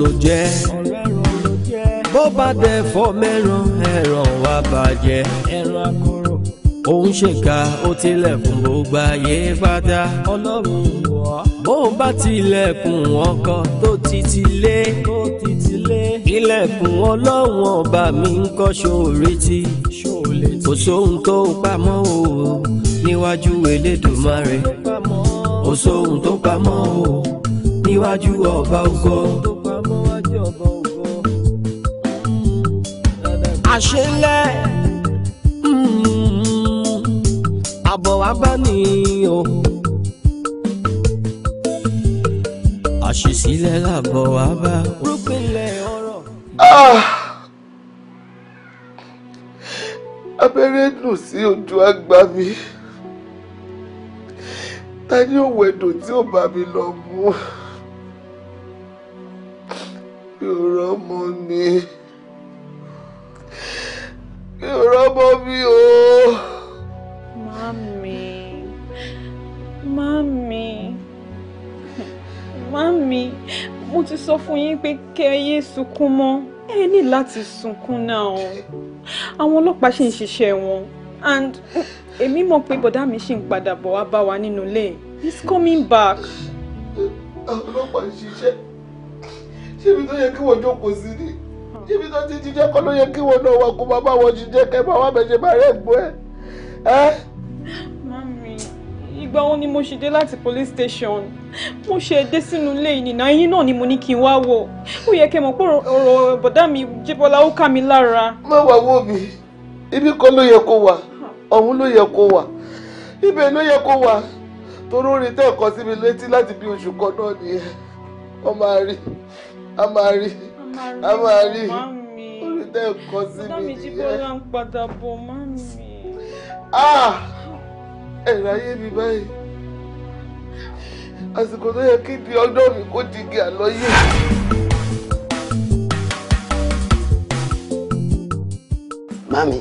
ló jẹ́ bó bá dẹ̀ fọ́ mẹ́ràn ẹ̀ràn wá bàjẹ́ ó ń ṣèkà ó tilẹ̀kùn gbogbo ayé pátá bó bá tilẹ̀kùn ọkọ tó títí lé ilẹ̀kùn ọlọ́run ọba mi ń kọ́ ṣòrí tí kò sóhun tó pamọ́ o níwájú elédùnmarè kò sóhun tó pamọ́ o níwájú ọba ògo. àṣẹ lẹ̀ hmm, àbọ̀ wá bá ní o. àṣìṣílẹ̀ làbọ̀ wá bá. rúpinlẹ̀ ọ̀rọ̀. Ah! abẹ́rẹ́ dùn sí ojú àgbà mi ta ni òun ẹ̀dùn tí ò bá mi lọ mú mi ò rọ́mọ ọmọ mi o. Mami, mami, mami, mo ti sọ fún yín pé kẹ́ ẹ yé sunkún mọ́. Ẹ ní láti sunkún náà o. Àwọn ọlọ́pàá ṣì ń ṣiṣẹ́ wọn. And èmi mọ̀ pé bọ̀dá mi ṣì ń padà bọ̀ wá bá wa nínú ilé. He's coming back. Àwọn ọlọ́pàá ń ṣiṣẹ́. Ṣé ibi tó yẹ kí wọ́n jókòó sí ni? ibi tó ti jíjẹ́ kọ́ ló yẹ kí wọn náà wà kó máa bá wọn jíjẹ́ kẹ́ máa wá bẹ̀jẹ̀ máa mami wo ni mo ṣe dé láti police station mo ṣe dé sínú ilé ìnìyàn yín náà ni mo ní kí n wá wò ó yẹ kẹ́ mọ̀ pé ọ̀rọ̀ bọ̀dá mi lara. ó kà mí lára. má wà wò mí ibi kan ló yẹ kó wà ọ̀hún ló yẹ kó wà ibẹ̀ ló yẹ kó wà torí orin tẹ́ ẹ̀kọ́ sí mi létí láti bí oṣù kan náà nìyẹn máa rí a máa rí a máa rí orí tẹ́ ẹ̀ kọ́ sí mi nìyẹn. mami jí bọ́lá ń padà bọ̀ mami. Ah! ẹ̀rọ ayé mi báyìí àsìkò tó yẹ kí ibi ọdọ mi kó digi àlọ́yé. mami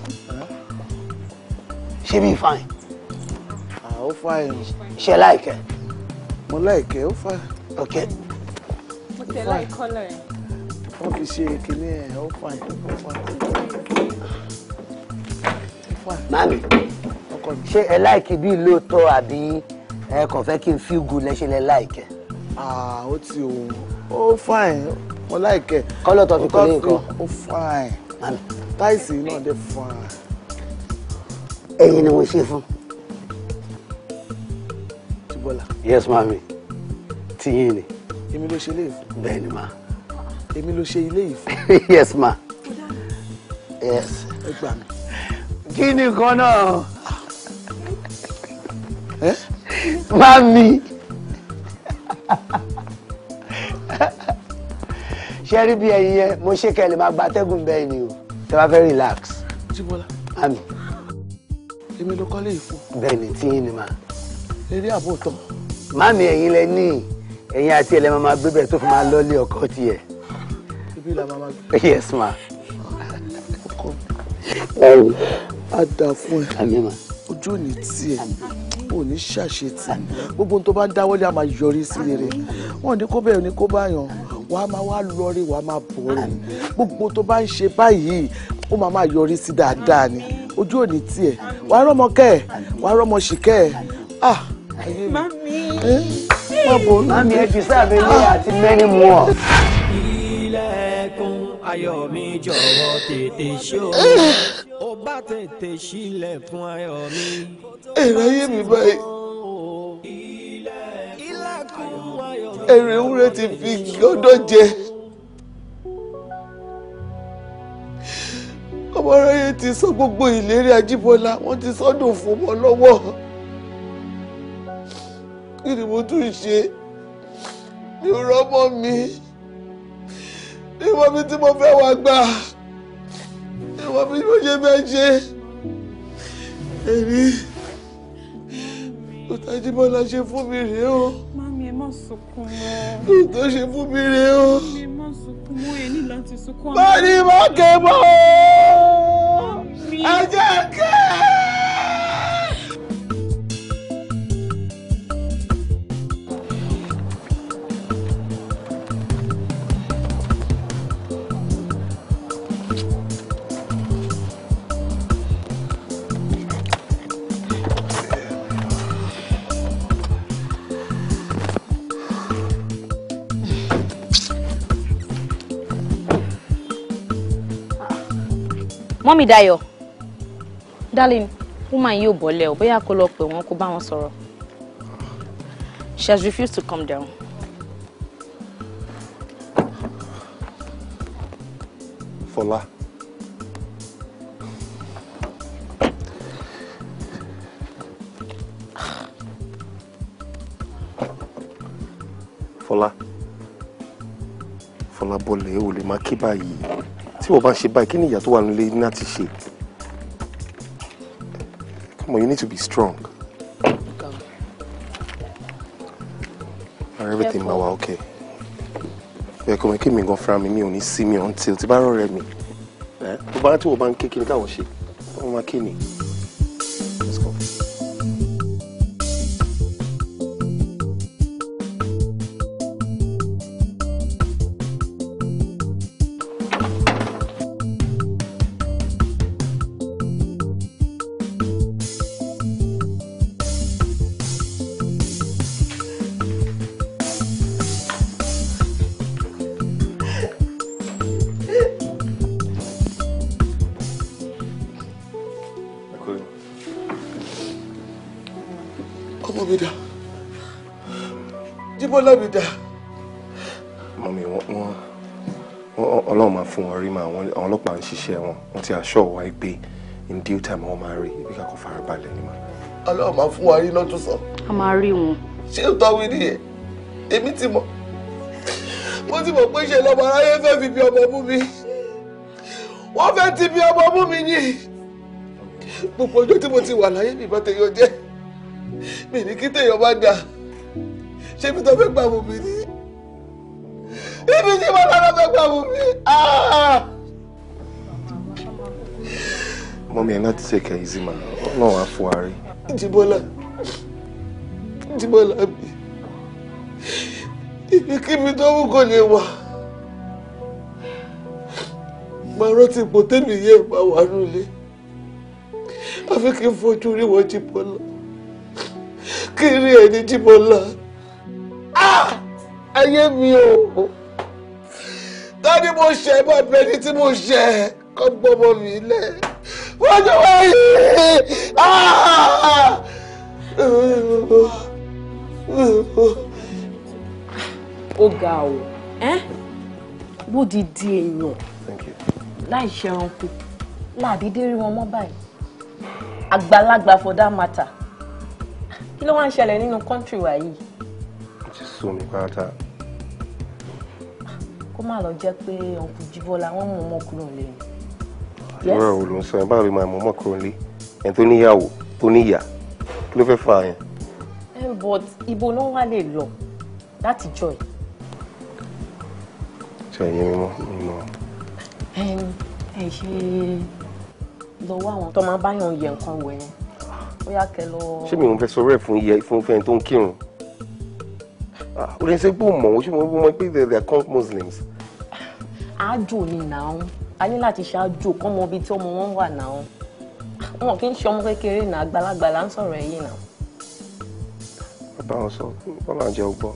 ṣé bí fine. Ah, ó fine. ṣe láìkẹ́. mo láìkẹ́ ó fine. ok. mo tẹ láì kọ́lọ̀ yẹn wọ́n fi ṣe kìnní ẹ̀ ó fà yín ó fà yín. mami ṣé ẹ láìkì bí lóòótọ́ àbí ẹ kàn fẹ́ kí n feel good lẹ́ṣẹ̀ lẹ́ láìkẹ́. ó ti o ó fine mo láìkẹ́. kọ́lọ̀ tó fi kọ́ ní nǹkan. ó fine táìsì náà dé fine. ẹ̀yin ni mo ṣe fún. Tíbọ́lá. yes mami tí yín ni. èmi ló ṣe léèfó. bẹ́ẹ̀ ni màá èmi ló ṣe ilé yìí yes ma yes. ẹ gbà mí. kí ni nǹkan náà. mami ṣe rí bí ẹyin yẹn mo ṣe kẹ́ lè máa gba atẹ́gùn bẹ́ẹ̀ ni o tẹ bá fẹ́ relax. jíbọ́lá mami. èmi ló kọ́lé yìí fún. bẹ́ẹ̀ ni tí yín ni ma. eré àbò tán. mami ẹ̀yin lẹ ní ẹ̀yin àti ẹ̀lẹ́ máa gbé bẹ́ẹ̀ tó fi máa lọ́ọ́lé ọkọ tiẹ̀ yes ma. ọkọ mi a dà fún ẹ ojú ò ní tiẹ̀ ò ní ṣàṣetì gbogbo ohun tó bá ń dáwọ́lé a máa yọrí sí rere wọn ní kó bẹ̀rẹ̀ ní kó bá yàn wàá máa wá lọrí wàá máa bọ̀rẹ̀ gbogbo tó bá ń ṣe báyìí ó máa máa yọrí sí dáadáa ni ojú ò ní tiẹ̀ wàá rọ́mọ kẹ́ ẹ̀ wàá rọ́mọ sì kẹ́ ẹ̀ ah ayé mi eh? má bò ó nù. mami ẹ jù sáà mi ní àti mẹ́rin mu ọ ẹkún ayọ̀ mi jọ̀wọ́ tètè ṣó o bá tètè sílẹ̀ fún ayọ̀ mi. èrè ayé mi báyìí èrè ewúrẹ́ ti fi gbọ́dọ̀ jẹ. ọmọ aráyé ti sọ gbogbo ìlérí ajíbọlá wọn ti sọdún fún ọmọ lọ́wọ́ kí ni mo tún ṣe mi ò rọ́mọ mi ìwọ mi tí mo fẹ́ wá gbà ìwọ mi ló ṣe fẹ́ ṣe èmi tó Tájíbọ́lá ṣe fún mi rèé o. mami ẹ má sunkún mọ́. ló tó ṣe fún mi rèé o. mami ẹ má sunkún mọ́ ẹ ní láti sunkún. bá a ní má kẹ́ mọ́. ẹ jẹ́ kẹ́ mọ́mì Dayọ̀ darling woman yóò bọ́lẹ̀ o bóyá kó lọ pè wọ́n kó bá wọn sọ̀rọ̀ she has refused to come down. Fola. Fola. Fola. bọ́lẹ̀ ò lè máa kí báyìí tí wọ́n bá ń ṣe báyìí kí ni ìyá tó wà nílé ní láti ṣe come on you need to be strong and everything ma wa okay ẹ kò mọ kí mi gan fúnra mi mi ò ní sí mi until tí bá rọrẹ mi ẹ bó bá tí wọ́n bá ń ké kí ni káwọn ṣe wọ́n máa ké ni. Ọlámídé. mọ̀mí wọ́n ọlọ́run máa fún wọn rí mà àwọn ọlọ́pàá ń ṣiṣẹ́ wọn wọ́n ti aṣọ wa pé in due time wọ́n máa rí ibi kakọ farabalẹ̀ ni mà. ọlọ́run máa fún wa rí lọ́tún sọ. a máa rí wọn. ṣé o tọ́wé nìyẹn èmi ti mọ̀ mo ti mọ̀ pé ṣe lọ́mọ aráyé fẹ́ fi bí ọmọ mú mi wọ́n fẹ́ ti bí ọmọ mú mi yìí gbogbo ọjọ́ tí mo ti wà láyé mi bá tẹ̀yọ jẹ́ mi kí tẹ̀yọ bá dáa ṣé ibi tó fẹ́ gbà wò mí ni ibi tí mo lọ́nà fẹ́ gbà wò mí. mọ́mí ẹ̀ láti ṣèkà ìzí màá ọlọ́run á fún wa rí. ìdìbọ́lá ìdìbọ́lá mi ibikíbi tó wù kò lè wà máa rántí ipò tẹ́mi yé máa wà nílé àfi kí n fojú rí wọn jìbọn kí n rí ẹni jìbọn ayé mi o tani mo ṣe bá bẹni tí mo ṣe kọ́ gbọ́mọ mi lẹ̀ wọ́n jọ wáyé. ó ga o bó di di èèyàn láì ṣẹranko láàdídé rí wọn mọ́ báyìí àgbàlagbà for that matter kí ló wá ń ṣẹlẹ̀ nínú kọ́ńtì wa yìí. ó ti sú mi pátá kó má lọ jẹ́ pé ọkùn jíbọ́lá wọ́n mú ọmọ kúrò nílé ni. àdúrà wo ló ń sọ ẹ báwo lè máa mú ọmọ kúrò ẹni tó níyàwó tó níyà kí ló fẹ́ fà yẹn. Eh, but ibo ló wá lè lọ láti jọ ẹ. ṣe ẹyẹ mímọ mímọ. ẹ ṣe lọ́wọ́ àwọn tó máa báyọ̀ yẹ nǹkan wẹ̀ yẹn ó yà lọ. ṣé mi ò fẹ́ sọ rẹ̀ fún iye fún fẹ́ni tó ń kírun o ah, lè ṣe pé o mọ̀ o ṣe mọ̀ mọ̀ pé they are called muslims. àjò ni nàá a ní láti ṣáájú kọ́ mọ ibi tí ọmọ wọn wà náà wọn kì í ṣe ọmọ kékeré náà àgbàlagbà là ń sọ̀rọ̀ ẹ̀yìn náà. bàbá wọn sọ wọn máa jẹ ọgbọ́n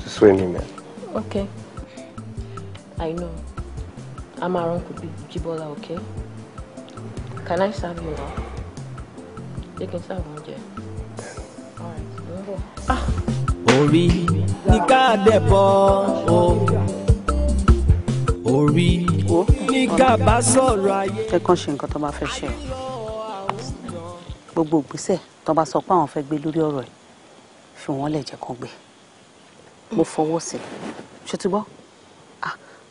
ti sọ èmi ok i know a máa rán kùbí jíbọ́lá ok can i serve you now jẹ́ kí n sáà wọ́n jẹ. all right mo bọ̀. ah orí ní káàdẹ̀ bọ́ o orí ní kábà sọ̀rọ̀ ayé. ẹ kàn ṣe nǹkan tó bá fẹ́ ṣe gbogbo ìgbésẹ̀ tó bá sọ pé àwọn fẹ́ gbé lórí ọ̀rọ̀ ẹ̀ fi wọ́n lẹ̀ jẹ́ kán gbé mo fọwọ́ sí i ṣe ti gbọ́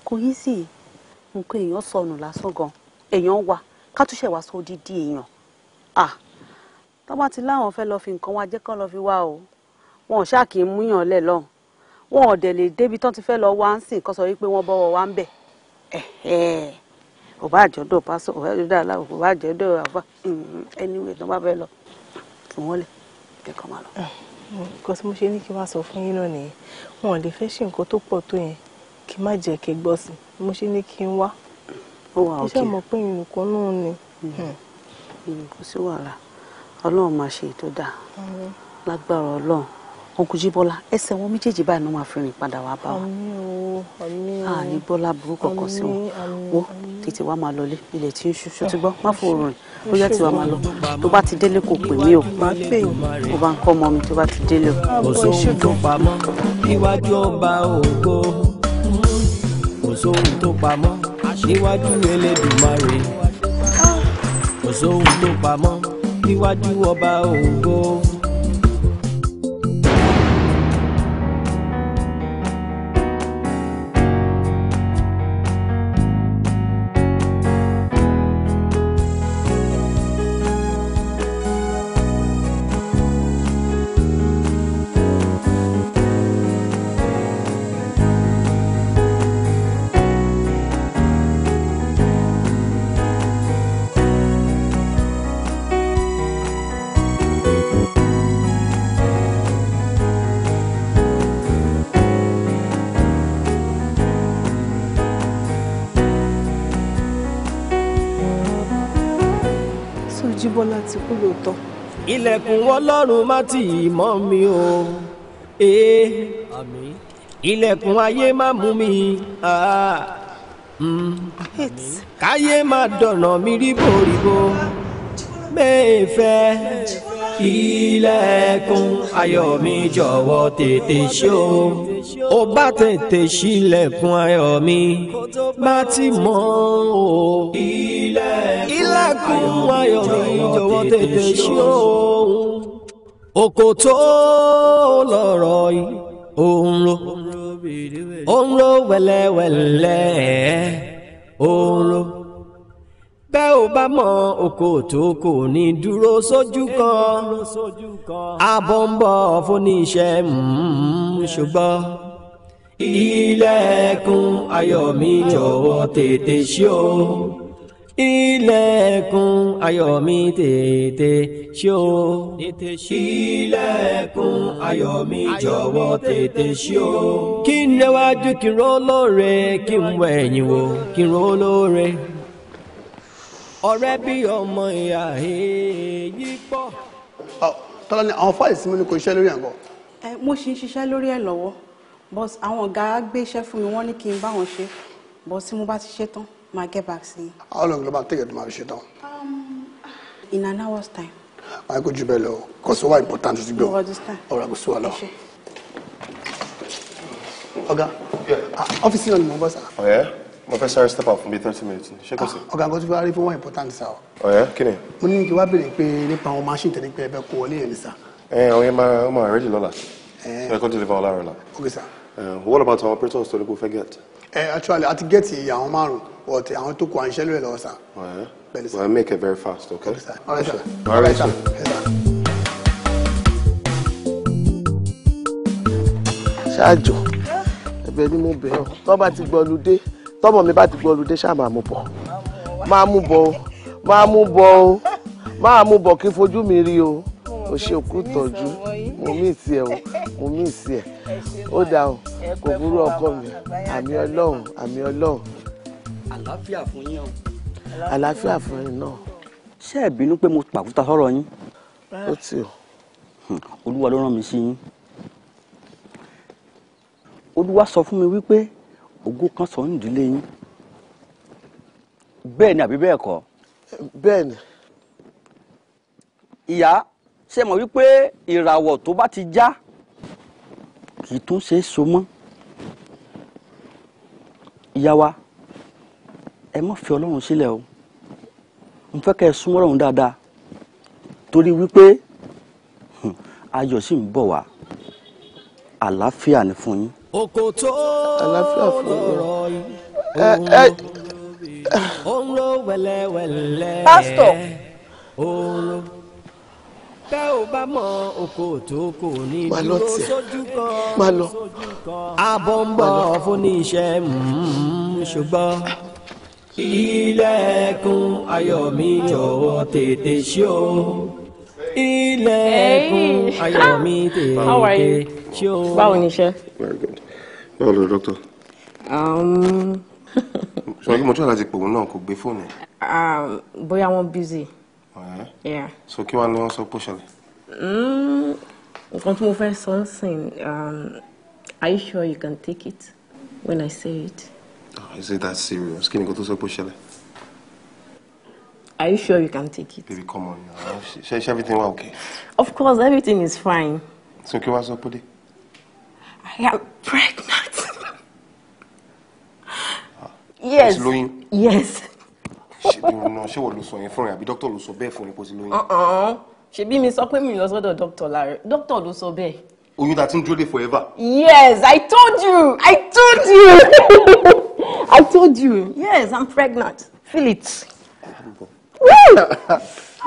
kò yí sí nǹkan èèyàn sọnù lásán gan èèyàn wa ká tún ṣẹ̀ wá sọ odidi èèyàn tó bá ti láwọn fẹ́ lọ fi nǹkan wá jẹ́ kán lọ fi wá o wọn ò ṣáà kì í múyàn lẹ̀ lọ́hùn wọn ò dẹ̀ lè débi tán ti fẹ́ lọ wá ń sìn kó sọ wípé wọ́n bọ́wọ́ wá ń bẹ̀ ò bá pásọ ò bá aláwọ ò bá àfa hmm, anyway tán bá fẹ́ lọ fún wọn lẹ̀ kẹ́kọ̀ọ́ máa lọ. nǹkan tí mo ṣe ní kí wàá sọ fún yín náà nìyẹn wọn ò lè fẹ́ ṣe nǹkan tó pọ̀ tó yẹn kí má jẹ́ kí gbọ́ sí i mo ṣe ní kí n wá. ó wà òkè iṣẹ́ mọ̀ pé ìrìnkún náà ni. Hmm. Hmm. ìrìnkún sí wàhálà ọlọ́run máa ṣe ètò dáa lágbára ọlọ́run ọkùnrin bọ́lá ẹsẹ̀ wọn méjèèjì báyìí ni wọ́n máa fi rìn padà wá bá wa. àní bọ́lá burúkú kọ̀ọ̀kan sí wọn wo tètè wá máa lọlé ilẹ̀ tí ń ṣú ti gbọ́ má fò rìn ó yẹ tí wàá máa lọ tó bá ti délé kò pè mí o kó bá ń kọ́ ọmọ mi tó bá ti délé o. Ah. kò sóhun tó pamọ́ níwájú ọba ògo kò sóhun tó pamọ́ níwájú Elédùmarè kò sóhun tó pamọ́ níwájú ọba ògo. ilẹ̀kùn ọlọ́run má tì í mọ́ mi o ee ilẹ̀kùn ayé má mú mi hm. káyé má dọ̀nà mi ríboríbo mẹ́ẹ̀fẹ́ ilẹ̀kùn ayọ̀ mi jọ̀wọ́ tètè ṣí o ó bá tètè ṣílẹ̀kùn ayọ̀ mi bá ti mọ́ o ilẹ̀kùn ayọ̀ mi jọ̀wọ́ tètè ṣí o oko tó lọ́rọ̀ òun ro òun ro wẹ́lẹ́wẹ́lẹ́ òun ro bẹ́ ò bá mọ oko tó kò ní dúró sójú kan abọ́ ń bọ̀ fúnníṣẹ́ mm, ṣùgbọ́n ilẹ̀kùn ayọ̀ mi jọ̀wọ́ tètè ṣí o ilẹ̀kùn ayọ̀ mi tètè ṣí o ilẹ̀kùn ayọ̀ mi jọ̀wọ́ tètè ṣí o. kí n rẹwájú kí n rọ́ lóore kí n wẹ̀yìn wò kí n rọ́ lóore ọ̀rẹ́ bí ọmọ ìyá èyí pọ̀. tọ́lá ni àwọn fáìlì sí mi ni kò ṣiṣẹ́ lórí àgọ́. ẹ mo ṣì ń ṣiṣẹ́ lórí ẹ̀ lọ́wọ́ bọ́s àwọn ọ̀gá gbé iṣẹ́ fún mi wọ́n ní kí n bá wọn ṣe bọ́ tí mo bá ti ṣe tán máa get back sí i. how long ló máa tẹ̀yẹ̀ tó máa fi ṣe tán. Um, in an hour's time. máa kó jù bẹ́ẹ̀ lọ kó sọ wá important ti gbọ́ ọ̀rọ̀ àgùsù wa lọ. ọ̀gá ọ́fíìsì náà ni mo bọ́ sá. ọ̀yẹ́. Oh, mo fẹ́ sáré step up fún bíi thirty minutes ni ṣé kò sí. Ah, ọ̀gá nǹkan tí wàá rí fún wọn important sá o. ọ̀yẹ́ oh, kí ni. mo ní kí wàá béèrè pé nípa àwọn machine tẹ̀lé pé ẹ bẹ kó wọlé yẹn ni sá. ẹ àwọn yẹn máa máa ready lọ́la ẹ kó deliver ọ̀la rẹ̀ la. ok sá. what about our operators tó ní kó fẹ́ get. ẹ actually àti get àwọn márùn but àwọn tó kọ àǹṣẹ́ lórí lọ́wọ́ sá. ọ̀yẹ́ oh, well make it very fast okay. ok sá alright sá alright sá. ṣáàjọ ẹ̀bẹ̀ ni mo bẹ̀ ọ́ tó bá ti gbọ́ lu dé tọmọ mi bá ti gbọ́ olùdé ṣáà máa mú bọ̀ máa mú bọ̀ o máa mú bọ̀ o máa mú bọ̀ kí fojú mi rí o o ṣe òkú tọ́jú mo mí ìsì ẹ o mo mí ìsì ẹ ó dà o kò burú ọkọ mi àmì ọlọ́run àmì ọlọ́run. àlàáfíà fún yín o. àlàáfíà fún yín náà. ṣé ẹ bínú pé mo pàkúta sọ̀rọ̀ yín. ó tì o. Hmm, olúwa ló rán mi sí yín. olúwa sọ fún mi wípé ogún kan sọ nídìílé yín bẹ́ẹ̀ ni àbí bẹ́ẹ̀ kọ́. bẹ́ẹ̀ ni. ìyá ṣe mọ̀ wípé ìràwọ̀ tó bá ti já kì í tún ṣe é so mọ́. ìyá wa ẹ má fi ọlọ́run sílẹ̀ o mo fẹ́ kẹ́ ẹ súnmọ́ ọlọ́run dáadáa torí wípé ayọ̀ sì ń bọ̀ wá àlàáfíà ni fún yín oko tó lọ́rọ̀ yìí òun ló wẹ̀lẹ̀wẹ̀lẹ̀ pásítọ̀ òun tẹ́ ò bá mọ oko tó kò ní dúró sójú kan abọ́ ń bọ̀ fún ní iṣẹ́ mm, ṣùgbọ́n ilẹ̀kùn ayọ̀ mi jọ̀wọ́ tètè ṣí o ilẹ̀kùn ayọ̀ mi tètè ṣí o. báwo ni iṣẹ́. Very good báwo ló dókítà. ṣùgbọ́n kí mo tún láti pòun náà kò gbé fóònù. Um, bóyá wọ́n bízì. Eh? so kí wàá ní wọ́n sọ pé ó ṣẹlẹ̀. Mm, nǹkan tí mo fẹ́ sọ ń sìn um, are you sure you can take it when I say it. Oh, is it that serious? kí ni nǹkan tó sọ pé ó ṣẹlẹ̀. Are you sure you can take it? Baby, come on now. Is everything okay? Of course, everything is fine. So, kí wá sọ pé dé? I am pregnant. Ah, yes. yes. She wọn ṣé wọn ló sọ yẹn fún ẹ àbí dókítà ló sọ bẹ́ẹ̀ fún ẹ kó ti lóyún. ṣebí mi sọ pé mi lọ sọ́dọ̀ dókítà láàrẹ dókítà ló sọ bẹ́ẹ̀. oyún ta ti ń dúró forever. yes I told you I told you I told you yes I'm pregnant feel it.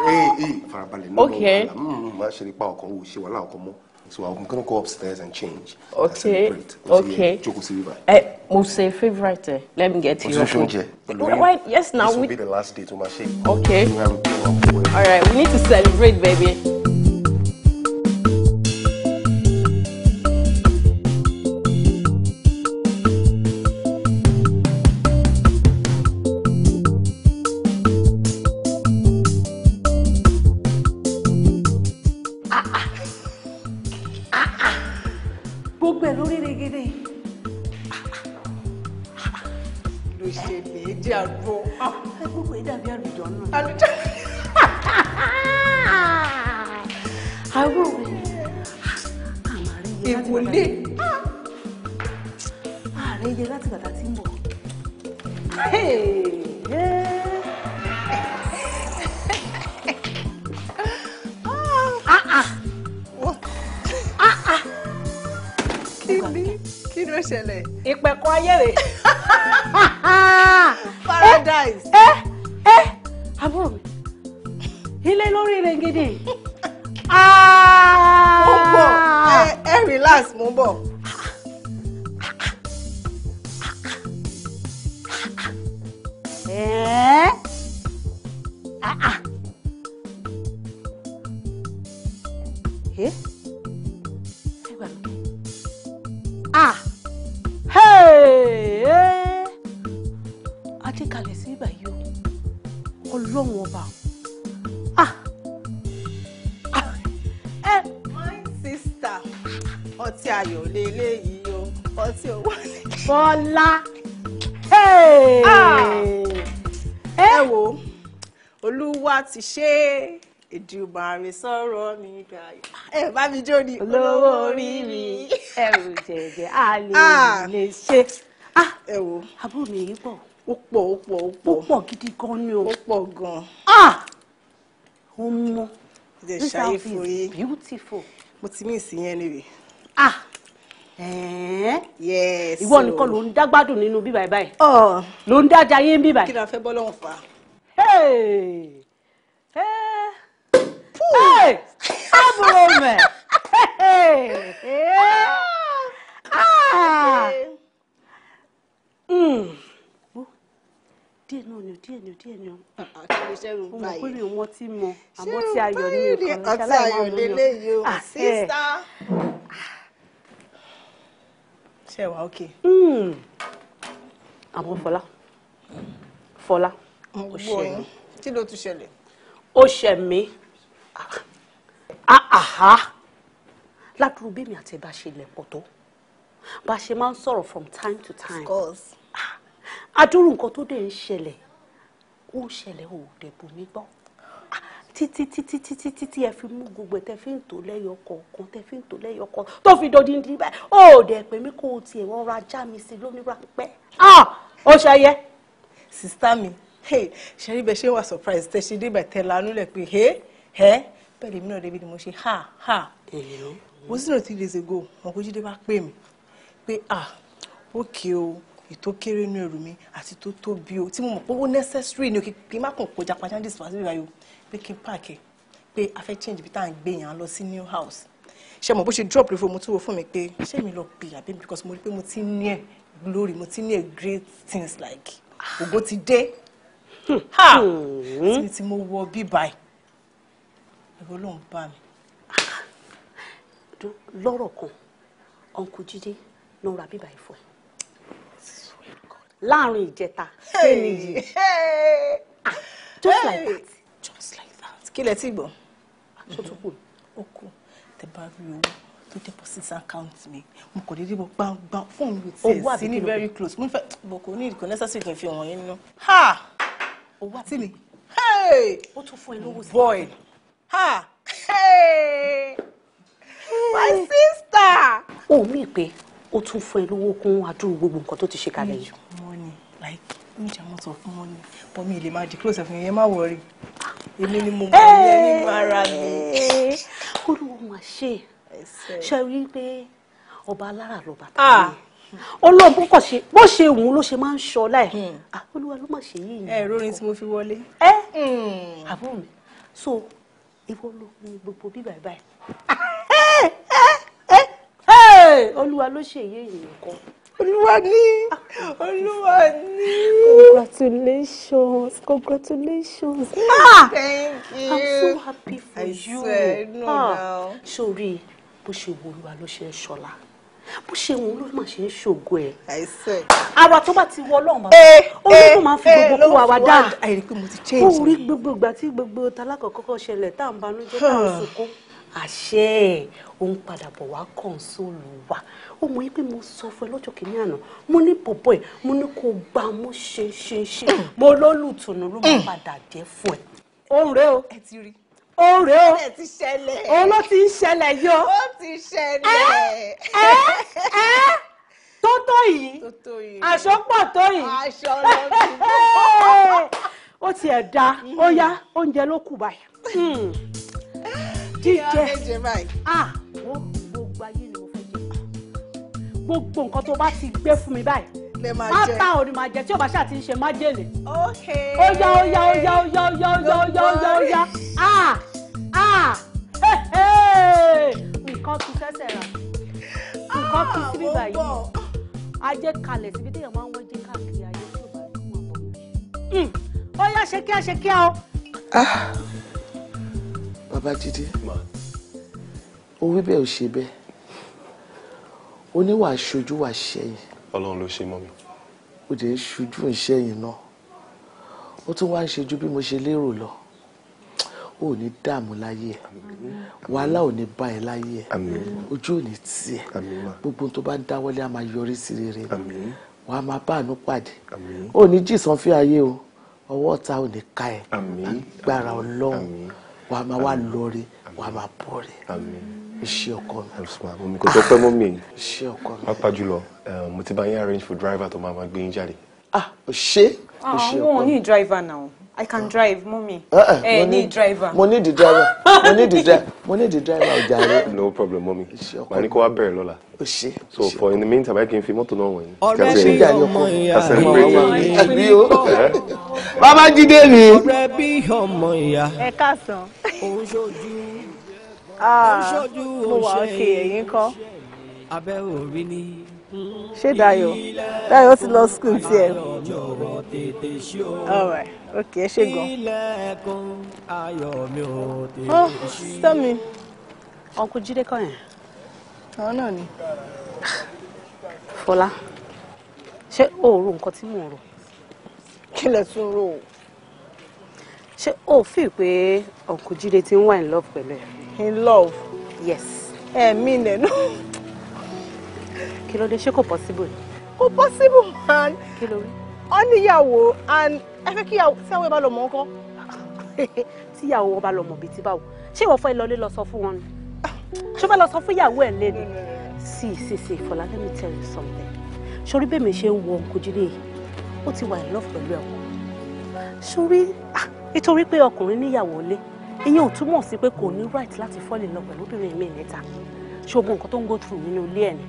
hey, hey, farabalẹ̀ nínú ọ̀la má ṣe nípa ọkàn wò ṣe wàhálà ọkàn mọ́. So I'm gonna go upstairs and change. Okay. And okay. Eh, mo ṣe favorite. Let me get you. Why, why? Yes, now. This will be the last day to my shake. Okay. All right. We need to celebrate, baby. mi sọ̀rọ̀ mi dayọ̀ ẹ bá mi jó ni olówó orí mi ẹrù jẹ̀jẹ̀ a lè ah. lè ṣe. Ah, ẹ wo àbúrò mi yìí pọ̀. ó pọ̀ ó pọ̀ ó pọ̀ ó pọ̀ gidi gan ni o. ó pọ̀ gan. ó ah! mọ this outfit is beautiful. mo ti mí ìsìnyẹn anyway. ah yes ìwọ nìkan ló ń dá gbádùn nínú bíbá ẹ báyìí oh. ló ń dá jayé ń bíbá. kí ni a fẹ́ bọ́ lọ́hùn fa. Hey, Hey, I'm yeah. àbúrò mẹ́ díẹ̀ náà ni díẹ̀ ni díẹ̀ ni ọmọ ah, ah, pé mi ò mọ tí mo àmọ́ tí ayọ̀ ní ìkànnì ọtí ayọ̀ lélẹyìí o ah, eh. sísá ṣe wà ókè. Hmm. àmọ́ fọlá fọlá ó ṣe mí kí ló tún ṣẹlẹ̀. ó ṣe mí Aha, ah, ah. ládùúgbò bẹ́ẹ̀ mi àti ẹ̀ bá ṣe lẹ̀ pọ̀ tó bá ṣe máa ń sọ̀rọ̀ from time to time ah, adúrú nǹkan tó dẹ̀ ń ṣẹlẹ̀ ó ń ṣẹlẹ̀ ò dẹ̀bù mí gbọ́ títí títí títí títí ẹ fi mú gbogbo ẹ tẹ fi ń tò lẹ́yọ kọ̀ọ̀kan tẹ fi ń tò lẹ́yọ kọ̀ọ̀kan tó fi dodi ń di ó dẹ̀ pé mi kò tiẹ̀ wọ́n ra já mi sí lónìí ráńpẹ́ ó ṣayẹ. sista mi ṣe rí bẹ ṣe wà surprise tẹ ṣe dé bàtẹ lanú lẹ pé ẹ bẹ́ẹ̀ lèmi náà débi ni mo ṣe ha ha mo sì nà three days ago wọn kò jíde bá pè mí pé ah òkè o ètò kéré inú ẹrù mi àti tó tóbi o tí mo mọ̀ pé necessary ni o kí n má kàn kó japa jáde sí wàásù ìbáyọ pé kí n pààkì pé a fẹ́ change bí tá à ń gbé yàn án lọ sí new house ṣe mọ̀ bó ṣe drop rẹ̀ fún mo tún wo fún mi pé ṣé mi lọ pè àbí mi because mo rí pé mo ti ní ẹ̀ glory mo ti ní ẹ̀ great things like ògo ti dé hmm. ha hmm. tí mo wọ bíbáyìí ẹ̀rọ ló ń bà mí. lọ́rọ̀ kan uncle jíde ló ń ra bíbá ìfọ̀ ẹ̀ láàrin ìjẹta lẹ́nu yìí ah, just like that just like that kí lẹ ti gbọ́. aṣọ ah, tó kù ó kù tẹ bá rí owó tó jẹ́ pọ́sítì account mi mo kò dédé mo gbangba fún mi tiẹ̀ sí ní very close mo fẹ́ boko ní ìdíkọ̀ necessary kì í fi wọ̀nyí nínú. owó àti mi ó tún fún ẹ lówó sí i ha hey. my sister. Oh mi pe o tún fún ẹ e lówó kún adúrú gbogbo nǹkan tó ti ṣe kalẹ̀ yìí. money like oúnjẹ mo sọ fún money but mi ì lè máa disclose e fún yẹn má worry èmi ni mo mọ ní ẹni mara mi. olúwo máa ṣe ṣe rí i pé ọba alára ló bàtà mi ah! ọlọ́run bó kọ̀ ṣe bó ṣe òun ló ṣe máa ń ṣọlá ẹ̀ hmm. ah, olúwa ló mà ṣe yìí. ẹ rórin tí mo fi wọlé. ẹ eh? hmm. àbúrò mi so ìwọ ló mú gbogbo bí bàbá yìí olúwa ló ṣe èyí èyí kan. olúwa ní olúwa ní. congratulations congratulations. ah thank you i'm so happy for I you. i swear no ah. now. sori bó ṣe wo olúwa ló ṣe ń ṣọlá bó ṣe wọn ló máa ṣe ń ṣògo ẹ. ara tó bá ti wọ ọlọ́run bá ó ní kó máa eh, fi gbogbo kó wa wá dá ó rí gbogbo ìgbà tí gbogbo talákọ̀ọ́kọ́ ṣẹlẹ̀ tá à ń banújẹ́ tá à ń sunkún àṣẹ òun padà bọ̀ wá kọ́ńsóòlù wa ó mọ yín pé mo sọ fún ẹ lọ́jọ́ kìíní àná mo ní bọ̀bọ̀ ẹ̀ mo ní kó gbà mo ṣe ṣe ṣe mo lólùtùnú ló máa mm. padà jẹ́ fún ẹ. ó rẹ o ẹ ti rí i ó rè ó òun ló ti ń ṣẹlẹ̀ yó ẹ ẹ ẹ tó tó yìí aṣọ pọ̀ tó yìí ó tiẹ̀ da ó yá oúnjẹ ló kù báyìí hmm. jíjẹ ah gbogbo ayé ni mo fẹ́ jẹ gbogbo nǹkan tó bá ti gbé fún mi báyìí lè máa jẹ. pápá òní máa jẹ tí ọba ṣáà ti ń ṣe májèlé. ok. ó yá ó yá ó yá ó yá ó yá ó yá ó yá ó yá ó yá. Ah, nǹkan tún sẹ́sẹ̀ rà nǹkan tún síbí báyìí ajé kalẹ̀ síbi téèyàn máa ń wọ́n jẹ́ káàkiri ayé tó bá rí wọn bọ̀. ó yá ṣe kíá ṣe kíá o. Ah! bàbá jídé ó wí bẹ́ẹ̀ ò ṣe bẹ́ẹ̀ ó ní wàá ṣojú wàá ṣẹ́yìn. ọlọ́run ló ṣe mọ́ mi. ó dẹ̀ ń ṣojú ìṣẹ́yìn náà ó tún wá ń ṣojú bí mo ṣe lérò lọ ò ní dààmú láyé ẹ wàhálà ò ní bá ẹ láyé ẹ ojú ò ní tì ẹ gbogbo tó bá ń dáwọ́lé a máa yọrí sí rere wàá máa bá àánú pàdé ò ní jìsàn fi ayé o ọwọ́ ta ò ní ká ẹ agbára ọlọ́run wàá máa wá lọrí wàá máa bọ̀rí iṣẹ́ ọkọ mi. kò tó pẹ́ mọ́ mi iṣẹ́ ọkọ mi. pápá jùlọ eh, mo ti bá yín arrange for driver tó máa ma gbé yín jáde. ah ṣé. àwọn ohun yìí driver náà. I can drive, mommy. Uh eh, mo need driver. Mo need the driver. mo need the driver. Mo need the driver ọ̀jàre. Oh, no problem, mommy. Màá ní kó lola. bẹ̀rẹ̀ lọ́la. O So for in the meantime, I can fi mọ́tò náà wọ̀nyí. Ọ̀rẹ́ bí ọmọ ìyá mi ò ní kọ́. Bàbá Jídé ni. Ọ̀rẹ́ bí ọmọ ìyá. Ẹ káàsán. Oṣooju. Ah, oṣooju oṣooju. Mo wà ókè ẹ̀yìn kọ́. Abẹ́ òrí ni ṣé Dayo Dayo ti lọ school tiẹ̀. all right okay ẹ ṣe gan. oh tell me uncle Jídé kọ́ yẹn. àwọn náà ni. Fọlá ṣé o ò ro nǹkan tí mò ń rò. kí lẹ tún rò ṣé o fi pé uncle Jídé ti ń wà in love pẹ̀lú ẹ. in love. yes. ẹ̀mí nẹ̀ náà kí ló dé ṣé kò possible. kò possible man. kí ló rí. ó níyàwó and ẹ fẹ́ kíyàwó tí àwọn ìbá lọ mọ̀ ńkọ́. tíyàwó ọba lọ mọ̀ bíi ti báwo ṣé ìwọ fẹ́ lọlé lọ sọ fún wọn ni ṣé o fẹ́ lọ sọ fún ìyàwó ẹ̀ lé ni. see see Fọlá let me tell you something sori bẹ́ẹ̀ mi ṣe ń wọ nkojúlé yìí ó ti wà in love pẹ̀lú ẹ̀ wọ́n sori nítorí pé ọkùnrin níyàwó lé ìyẹn ò túmọ̀ sí pé kò ní right láti fall in love pẹ̀lú obìnrin mi níta ṣé o mọ nǹkan tó ń go through nínú ilé ẹ̀ ni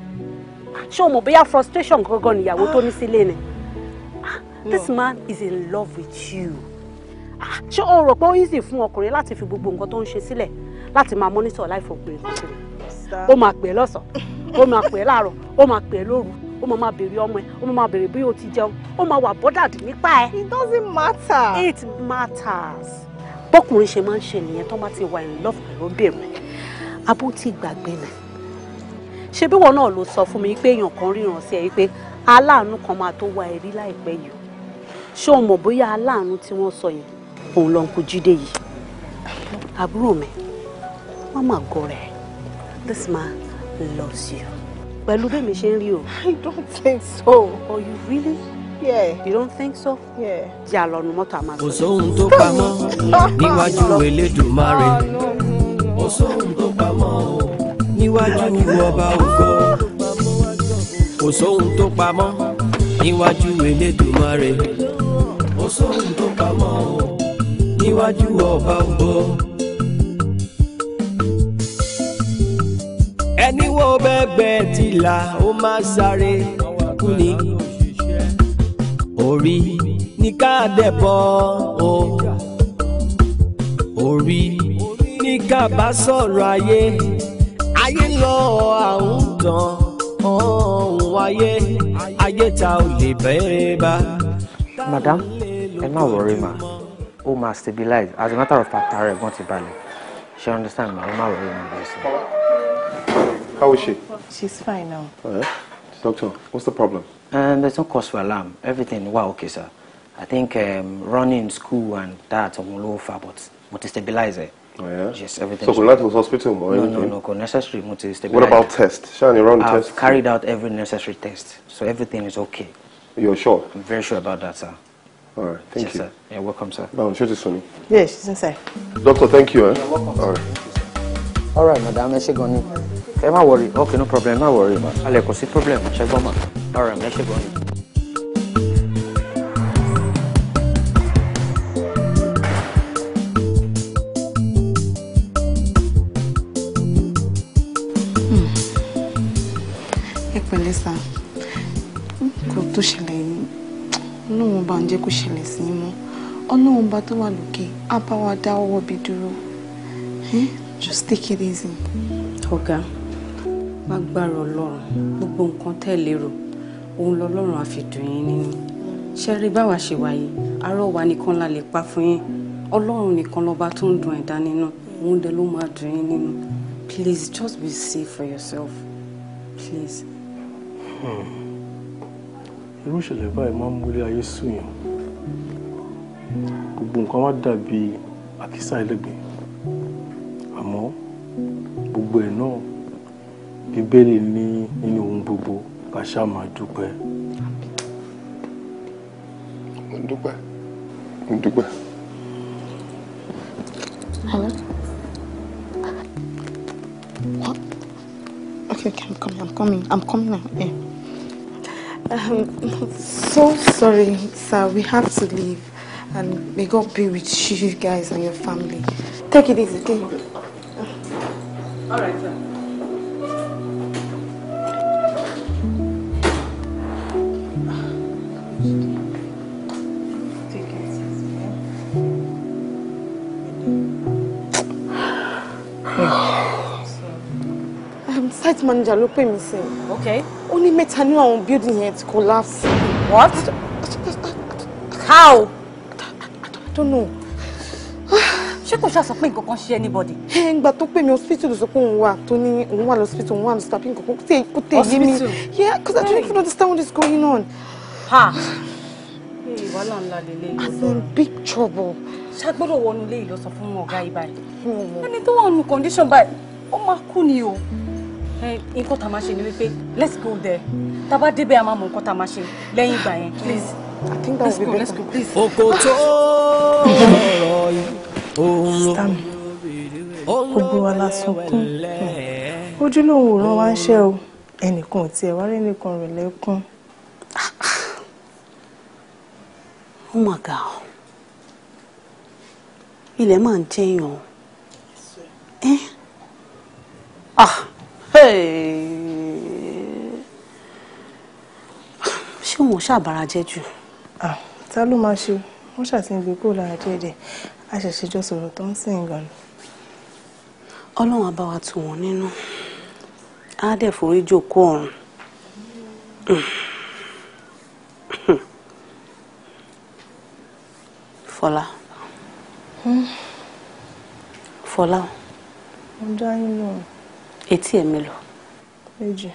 ṣé o mọ bóyá frustration gangan níyàwó tó ní sílé ni this man is in love with you ṣé o rò pé ó easy fún ọkùnrin láti fi gbogbo nǹkan tó ń ṣe sílẹ̀ láti máa monitor life ọkùnrin kùtùrù ó máa pè é lọ́sàn-án ó máa pè é láàárọ̀ ó máa pè é lóru ó máa máa béèrè ọmọ ẹ ó máa máa béèrè bí o ti jẹun ó máa wà bothered nípa ẹ. it doesn't matter. it matters. bọ́kùnrin ṣe máa ń ṣe nìyẹn tó bá ti wà in love pẹ̀lú obìnrin abó ti gbàgbé náà ṣé bí wọn náà ló sọ fún mi pé èèyàn kan ríran sí ẹ pé aláàánú kan máa tó wá ẹrí láìpẹ́ yìí ṣé o mọ̀ bóyá aláàánú tí wọ́n sọ yẹn òun ló ń kú jíde yìí àbúrò mi wọ́n máa gọ rẹ̀ this man loves you pẹ̀lú bí mi ṣe ń rí o. I don't think so. Oh you really? Yeah. You don't think so? Yeah. àlọ́nu mọ́tò àmà. Kò sóhun tó pamọ́ níwájú Elédùmarè. Ah, Kò sóhun tó pamọ́ o níwájú ọba ògo kò sóhun tó pamọ́ níwájú elédùmarè kò sóhun tó pamọ́ níwájú ọba ògo. ẹni wo bẹ́gbẹ́ tìlà ó máa sáré kú ni orí ní ká dẹ̀bọ̀ o orí ní ká bá sọ̀rọ̀ ayé ayé lọ àwọn tán ọ̀hún ayé ayé ta ò lè bẹ́ẹ̀ bá. madam ẹ má wọrí ma ó máa stabilize as a matter of fact ara ẹ̀gbọ́n ti balẹ̀ ṣe understand ma ẹ má wọrí ma bẹ́ẹ̀ sí. how is she. she's fine now. Uh, doctor what's the problem. Um, there's no cause for alarm everything wa okay sir i think um, running school and that ọmọ ló fà but mo ti stabilize it. Yes, everything. So, go to hospital or anything? No, no, no, necessary. What about test? Shani, run I've test. carried out every necessary test, so everything is okay. You're sure? I'm very sure about that, sir. All right, thank yes, you. Sir. You're welcome, sir. Now, show this to me. Yes, she's inside. Doctor, thank you. Eh? You're welcome. All right. You, All right, madam, ẹ ṣé gan ni. worry. Okay, no problem. No worry, ma. Alẹ́ kò sí problem. Ṣé gbọ́n ma. All right, madam, ṣé gan pẹ̀lẹ́ sá kò tó ṣẹlẹ̀ yìí ọlọ́run bá ń jẹ́ kó ṣẹlẹ̀ sí i mọ́ ọlọ́run tó wà lókè á bá wa dá ọwọ́ bí dúró just take it easy. ọ̀gá lágbára ọlọ́run gbogbo nǹkan tẹ́ lérò òun lọ́lọ́run á yín nínú ṣe báwa ṣe wáyé arọ́ wa nìkan la lè pa fún yín ọlọ́run nìkan lọ́ba tó ń dùn ẹ̀dá nínú òun dẹ ló máa dùn yín nínú please just be safe for yourself please. Hmm. irú ìṣẹ̀lẹ̀ báyìí máa ń múlé ayé sùnyàn gbogbo nǹkan wá dàbí àkísà ẹlẹ́gbẹ́ àmọ́ gbogbo ẹ̀ náà bíbélì ní nínú ohun gbogbo ká ṣáà máa dúpẹ́. mo dúpẹ́ mo dúpẹ́. Hello? What? Okay, okay, I'm coming, I'm coming, I'm coming now. Yeah. Um, so sorry, sir. We have to leave. And may God be with you guys and your family. Take it easy, okay? All right, sir. um, site manager ló pè Okay. Only mẹ́ta nínú àwọn building yẹn ti collapse. what? how? I don't know. She could ṣáà sọ pé nǹkan kan anybody. Hang, but to pay me mí hospital to pé òun wà tó ní òun one lọ́sípítù òun wà lọ́sípítù àbí nǹkan kan kó tẹ̀ kó tẹ̀ hospital yeah because I don't even understand what is going on. ha wàhálà ńlá lélẹ́yìn. i'm in big trouble. ṣàgbọ́dọ̀ wọnú ilé ìlọsọ fún ọ̀gá ibà yìí. ẹni tó wà nù condition báyìí ó máa kú ni o. Mm nǹkan tá a máa ṣe ni wípé let's go there tá a bá débẹ̀ a máa mọ nǹkan tá a máa ṣe lẹ́yìn ìgbà yẹn please. I think that let's would be go, better. Let's go, please. Oko tó ọ̀rọ̀ yìí. Sista mi, gbogbo wa la sunkún. Ojú lòun ò rán wá ń ṣe o. Ẹnìkan ò tiẹ̀ wá rí nìkan rẹ̀ lẹ́kún. Ó mà ga ọ́. Ilẹ̀ máa ń jẹ́yàn. Ẹ́ eh? ah ṣé wọn ṣàbára jẹ jù. Ah, ta ló máa ṣe wọn ṣàtìgbè kúrò lára díẹ̀díẹ̀ a ṣẹ̀ṣẹ̀ jọ sọ̀rọ̀ tó ń sìn gan ni. ọlọ́run á bá wa tù wọ́n nínú á dẹ̀ forí jòkó ọ̀run. Fọlá. Hmm? Fọlá. mo dá yín lóhùn etí ẹ̀ mélòó. méjì.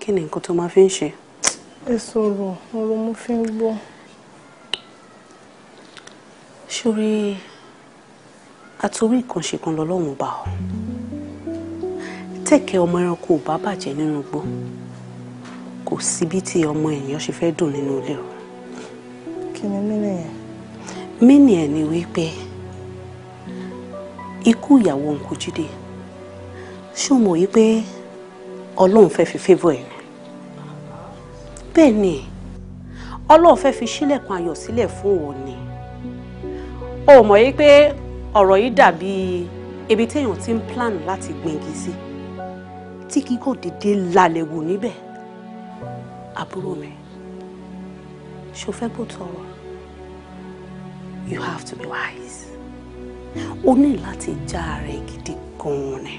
kí ni nǹkan tó máa fi ń ṣe. ẹ sọ̀rọ̀ ọ̀rọ̀ mo fi ń gbọ́. sórí àtòrí ìkànṣe kan lọ́lọ́run bá ọ tẹ̀kẹ́ ọmọ ẹranko ò bá bàjẹ́ nínú igbó kò síbi tí ọmọ èèyàn ṣe fẹ́ dùn nínú ilé o. kí ni mí nìyẹn. mí nìyẹn ni wípé ikú ìyàwó Nkojide ṣé mọ̀ yí pé ọlọ́run fẹ́ fi favour ẹ̀ bẹ́ẹ̀ ni ọlọ́run fẹ́ fi ṣílẹ̀kùn ayọ̀ sílẹ̀ fún òun ni o mọ̀ yí pé ọ̀rọ̀ yìí dàbí ibi téèyàn ti ń plan láti gbìngì sí tí kíkò dédé lálẹ́ wò níbẹ̀ àbúrò mi ṣo fẹ́ bó tọrọ you have to be wise o ní láti já ara gidi gan-an ni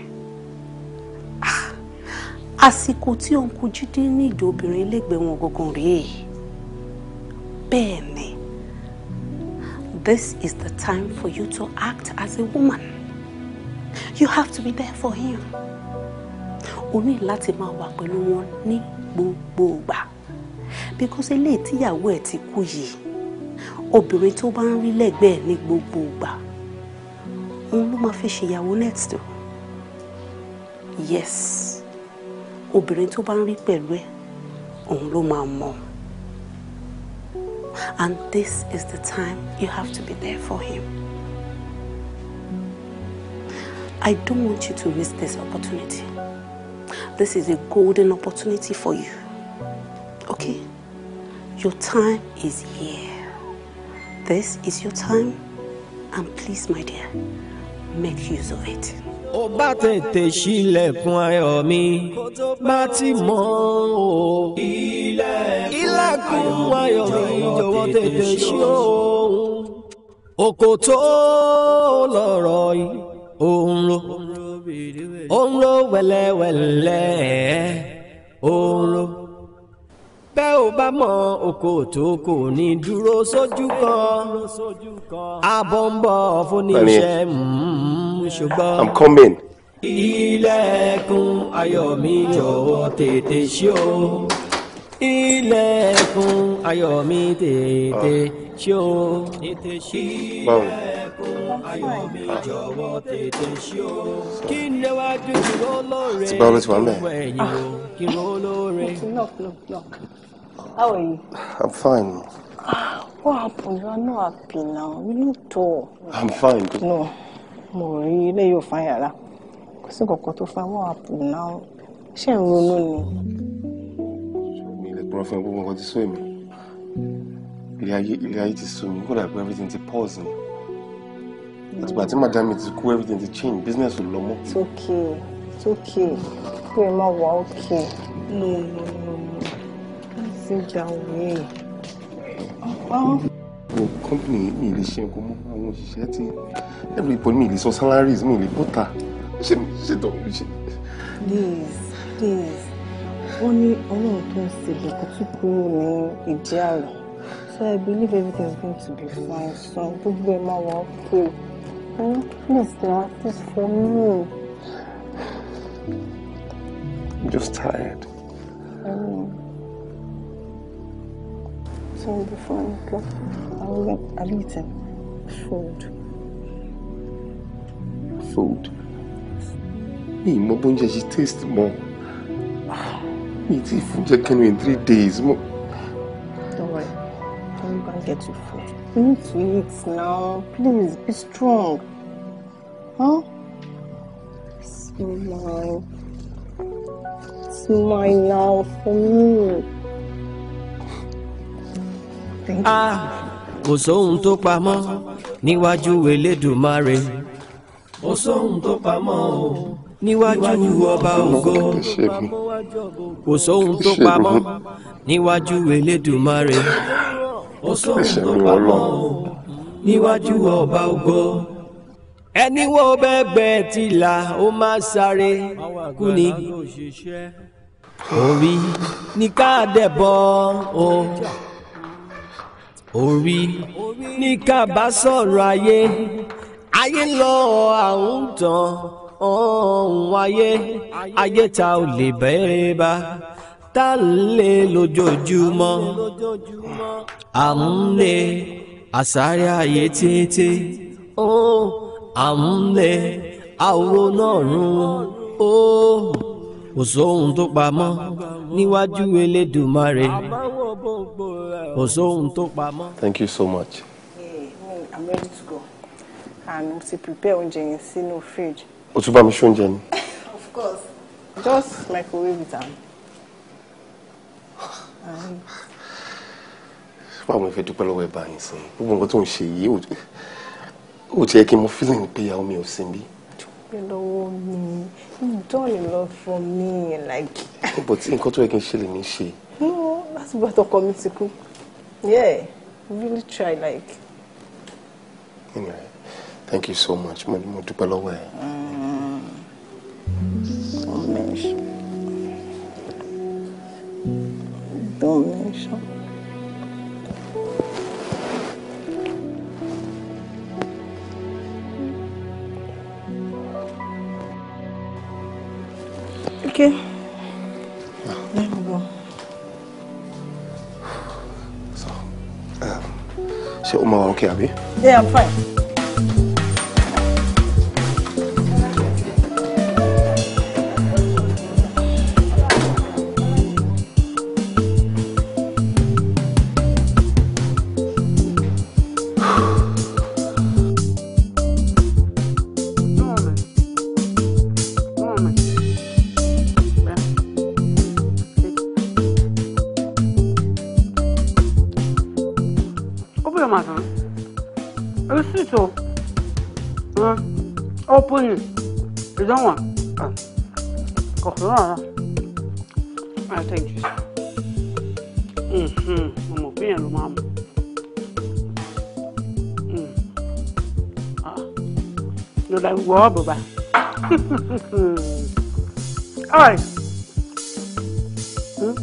àsìkò tí òǹkù jíde ní ìdò obìnrin lẹ́gbẹ̀ẹ́ wọn gangan rèé bẹ́ẹ̀ ni this is the time for you to act as a woman you have to be there for him o ní láti máa wà pẹ̀lú wọn ní gbogbo ìgbà because eléyìí tíyàwó ẹ̀ ti kú yìí obìnrin tó bá ń rí lẹ́gbẹ̀ẹ́ ní gbogbo ìgbà òun ló máa fi ṣèyàwó next door. yes obìnrin tó bá rí pẹ̀lú ẹ̀ ló mọ̀ and this is the time you have to be there for him. I don't want you to miss this opportunity. This is a golden opportunity for you. Okay? Your time is here. This is your time, and please, my dear, make use of it. ó bá tètè ṣílẹ̀kùn ayọ̀ mi bá ti mọ̀ o. ilẹ̀kùn ayọ̀ mi jọ̀wọ́ tètè ṣí o. oko tó lọ̀rọ̀ yìí òun ro òun ro wẹ̀lẹ́wẹ̀lẹ́ òun ro bẹ́ ò bá mọ oko tó kò ní dúró sójú kan abọ́ ń bọ̀ fún níṣẹ́ mú. Mm-hmm. I'm coming. ilẹ̀kùn ayọ̀ mi jọ̀wọ́ tètè ṣí o ilẹ̀kùn ayọ̀ tètè ṣí o tètè ṣí ilẹ̀kùn ayọ̀ jọ̀wọ́ tètè ṣí o kí n wá ju ìró lóore tí báwo ló ti wà lóore. How are you? I'm fine. Ah, what happened? You are not happy now. You look dull. I'm fine. No mo rí ilé yóò fa yàrá kò sí kankan tó fa wọ́n àpò náà ṣé ń ronú ni. mi lè purọ́ fún ẹ gbogbo nǹkan ti sún èmi ilé ayé ilé ayé ti sún mi kó dàgbé everything ti pause ni àtìgbà tí madam mi ti kú everything ti change business ò lọ mọ́. it's okay it's okay kí ẹ má wà okay no no no no ṣe jà wé. ọ̀pọ̀. company mi lè ṣe nǹkan mọ́ àwọn òṣìṣẹ́ ti everybody mi lè sọ salaries mi lè bọ́ta ṣe mi ṣe tọ́ mi ṣe. please please wọ́n ní ọlọ́run tó ń ṣe ìbùkún tó kúrò ní ìdí àlọ́ so I believe everything is going to be fine so gbogbo ẹ̀ máa wà okay hmm? please na please for me. I'm just tired. so before I go, I will get a little food fold mi ì mọ bóúnjẹ taste mọ́ mi ti fún jẹ kẹnu in three days mo. don't worry I'm gonna get you food We need to eat now please be strong. Huh? Smile. Smile now for me. Thank you. Ah, kò sóhun tó pamọ́ níwájú Elédùmarè ó sóhun tó pamọ́ o níwájú ọba ògo kò sóhun tó pamọ́ níwájú elédùmarè ó sóhun tó pamọ́ o níwájú ọba ògo ẹni wo bẹ́ẹ̀ bẹ́ẹ̀ ti là ó máa sáré kú ni orí ní ká dẹ̀bọ̀ o orí ní ká bá sọ̀rọ̀ ayé ayé lọ àwọn tán ọ̀hún ayé ayé ta ò lè bẹ̀rẹ̀ bá tá lè lójoojúmọ́ à ń lè àsáré ayé tètè à ń lè àwòrán náà rún kò sóhun tó pamọ́ níwájú Elédùmarè kò sóhun tó pamọ́. Thank you so much. Hey, I'm and we ti prepare oúnjẹ yẹn sínú fridge. o tún bá mi ṣe oúnjẹ ni. of course just microwave it am. báwo ni ìfẹ́ dúpẹ́ lọ́wọ́ ẹ̀ bá yín sí gbogbo nǹkan tó ń ṣe yìí ó ti yẹ kí n mọ feeling pé àwọn mi ò sí bí. dúpẹ́ lọ́wọ́ mi you done a for me like. but nǹkan tó yẹ kí n ṣe lè ní ṣe. no láti bá tọkọ mi ti kú yeah really try like. anyway thank you so much mo mo dúpẹ́ lọ́wọ́ ẹ. don't mention Okay. Let me go. So, um, ṣé o okay, àbí? Yeah, I'm fine. ọ bụba all right hmm?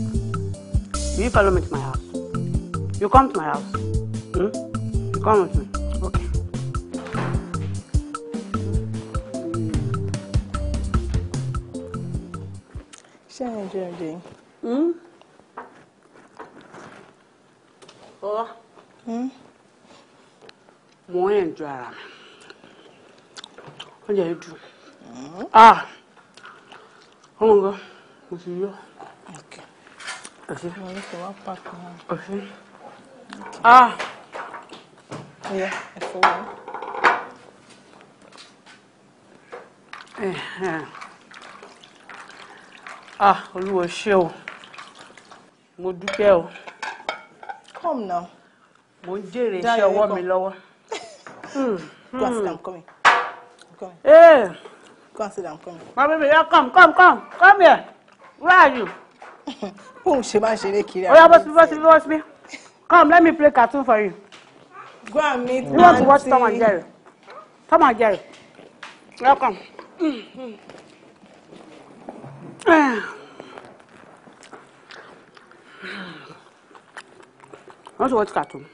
you follow me to my house you come to my house hmm? you come with me oúnjẹ yìí dùn ah! ọmọ nǹkan kò sì yọ ọ̀sẹ̀ ọ̀sẹ̀ ẹ̀yà ẹ̀fọ́ wọn. ah olúwo ṣé o mo dúpẹ́ o. come now. mo ń jèrè iṣẹ́ ọwọ́ mi lọ́wọ́. Hmm, go as i'm coming coming. Hey. Eh. Come sit down, come. My baby, yeah, come, come, come. Come here. Where are you? Oh, she man, she make Oh, yeah, boss me, boss me, boss me. Come, let me play cartoon for you. Go and meet You want to watch Tom and Jerry? Tom and Jerry. Welcome. I want to watch cartoon.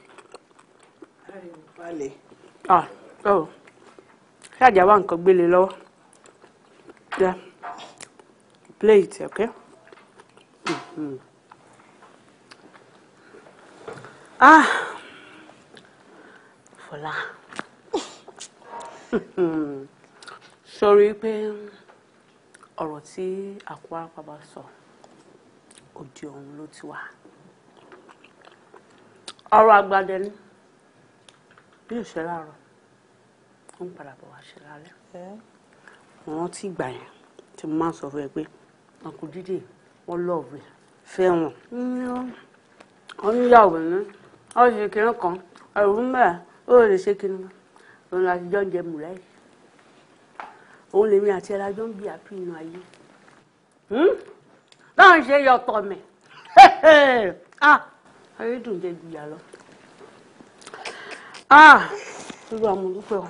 Ah, oh ṣáàjà wà nǹkan gbélé e lọ́wọ́ ya plate okay. Mm-hmm. ah Fọlá sọrí pé ọ̀rọ̀ tí àkúrápá bá sọ òde ọ̀hún ló ti wà ọ̀rọ̀ àgbàdẹ ni bí òṣèlú àrùn ó ń padà bọ̀ wá ṣe lálẹ́ mo rántí ìgbà yẹn tí mo máa ń sọ fún ẹ pé uncle dídè wọ́n lọ́ọ̀wé fẹ́ wọn wọ́n ń yàwó ní wọ́n ṣe kiri kan ẹ̀rù ń ó lè ṣe kiri mọ́ òun láti jọ jẹ mùrẹ́ yìí òun lèmi àti ẹ̀rọ ajọ́ ń bí àpì inú ayé hmm? báwọn ṣe yọ ọ̀tọ̀ mẹ́ ah! ayé dùn jẹ́ gbìyà lọ. Ah, olúwa mo dúpẹ́ o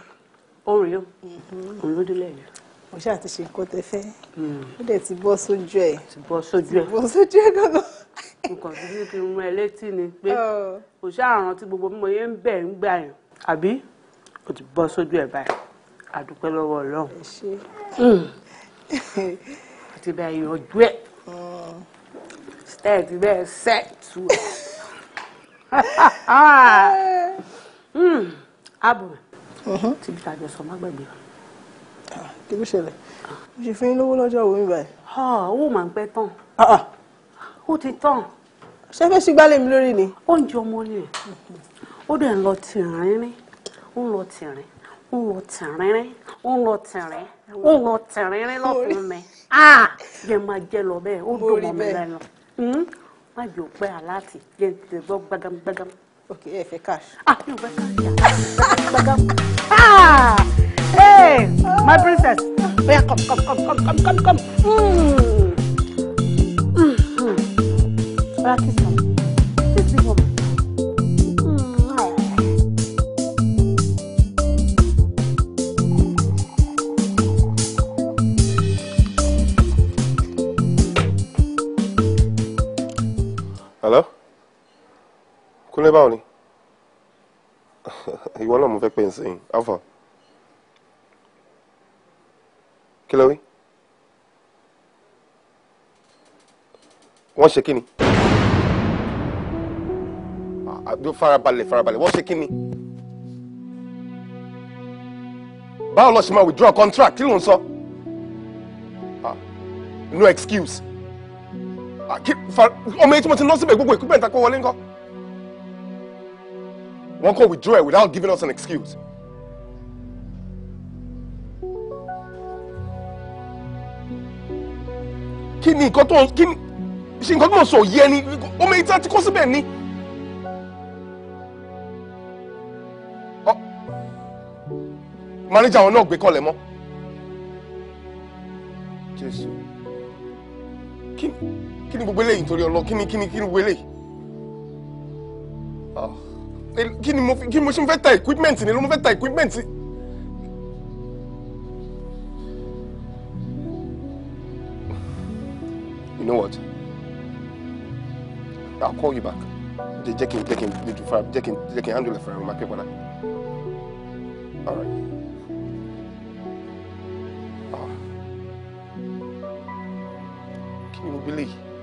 oreo mm-hmm. olódúlẹ̀ ni. mo ṣáà ti ṣe nǹkan tẹ fẹ́ mm. ó dẹ̀ ti bọ́ sójú ẹ̀ ti bọ́ sójú ẹ̀ bọ́ sójú ẹ̀ gangan. nǹkan tuntun kí n mú ẹ létí ni pé oh. kò ṣáà rántí gbogbo mímọ yẹn ń bẹ̀ ń gbà yẹn àbí kò ti bọ́ sójú ẹ̀ báyìí àdúpẹ́ lọ́wọ́ ọlọ́run àti bẹ́ẹ̀ yọjú ẹ̀ stẹ́ẹ̀tì bẹ́ẹ̀ sẹ́ẹ̀tù ẹ̀. Mm. abùmẹ̀. Uh-huh. tí bí tájọ sọ má gbàgbé wa. Ah, kí ló ṣẹlẹ̀ mo ṣe fún yín lówó lọ́jọ́ òun mi báyìí. Ah, owó màá ń pẹ́ tán ah, ó ti tán. ṣé fẹ́ sí gbálẹ̀ mi lórí ni. oúnjẹ ọmọ ni ó dẹ̀ ń lọ tìrìnrìn ń lọ tìrìn ń lọ tìrìnrìn ń lọ tìrìn ń lọ tìrìnrìn lọ́kùnrin mi jẹ́ máa jẹ́ lọ bẹ́ẹ̀ ó dùn mọ́ mi lẹ́nu hmm? má jò pé aláàtì jẹ́ ń tẹ̀ gbọ́ gbágámgbágám ok ẹ fẹ́ cash. ah mi ò fẹ́ cash. hey my princess oya oh, come come come come come come come. Mm. Mm. Mm. Well, kiss me. kúnlẹ̀ báwo ni ìwọ náà mo fẹ́ pè ń sìn alpha kí ló wí wọ́n ṣe kí ni ah, ah, farabalẹ̀ farabalẹ̀ wọ́n ṣe kí ni báwo lọ ṣe máa withdraw contract kí ló ń Ah, no excuse Ah, ọmọ èyí tí mo ti ná síbẹ̀ gbogbo equipment àkọ́wọlé ńkọ́. One could withdraw it without giving us an excuse. Kí ni nǹkan tó kí ni ṣe nǹkan tó ń sọ yẹ ni ọmọ ìta ti kọ́ síbẹ̀ ni. Mánéjà wọn náà gbé kọ́lẹ̀ mọ́. Jésù. Kí ni gbogbo eléyìí nítorí ọlọ́ kí ni kí ni kí ni gbogbo eléyìí? Ah kí ni mo fi kí ni mo ṣe ń fẹ́ ta equipment ni ló mo fẹ́ ta equipment. you know what i'll call you back jẹ́ kí n jẹ́ kí n jẹ́ kí n jẹ́ kí n handle it for my people now all right. Ah. kí ni mo bí léyìí.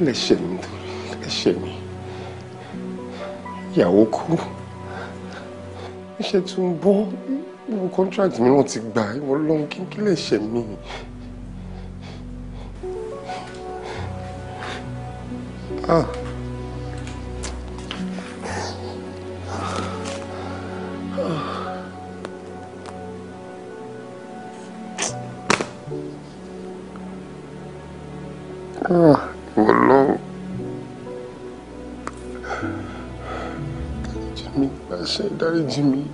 kí lè ṣe mí lè ṣe mí ìyàwó kú iṣẹ́ tí ń bọ́ gbogbo contract mi náà ti gbà ìwọ lọ́hún kí kí lè ṣe mí. Ah. Ugh. Ah. Ah. urge me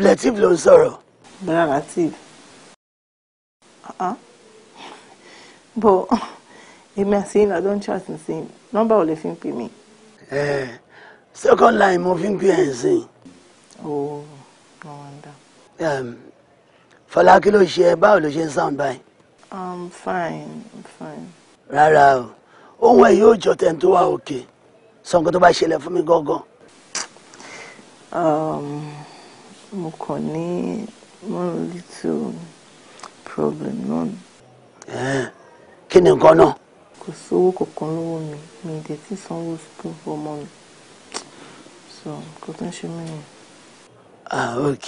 Ablative ló ń sọ̀rọ̀. Bọ́lá Latif. Uh-huh. Bọ̀ èmi àti ìlà tó ń chat nísìnyí nọ́mbà ò lè fi ń pè mí. Second line mo fi ń pè ẹ̀ ǹsìn. Oh, no wonder. Fọlá kí ló ṣe báwo ló ṣe ń sound by. I'm fine, I'm fine. Rárá o, ohun ẹ̀ yóò jọ tẹ̀ ń tó wá òkè. Sọ nǹkan tó bá ṣẹlẹ̀ fún mi gángan. Um, mo kàn ní one little problem náà. kí ni nǹkan náà. kò sówó kankan lọ́wọ́ mi mi ì dẹ̀tí sanwó school fún ọmọ so kò tó ń ṣe mí nìyẹn. ah ok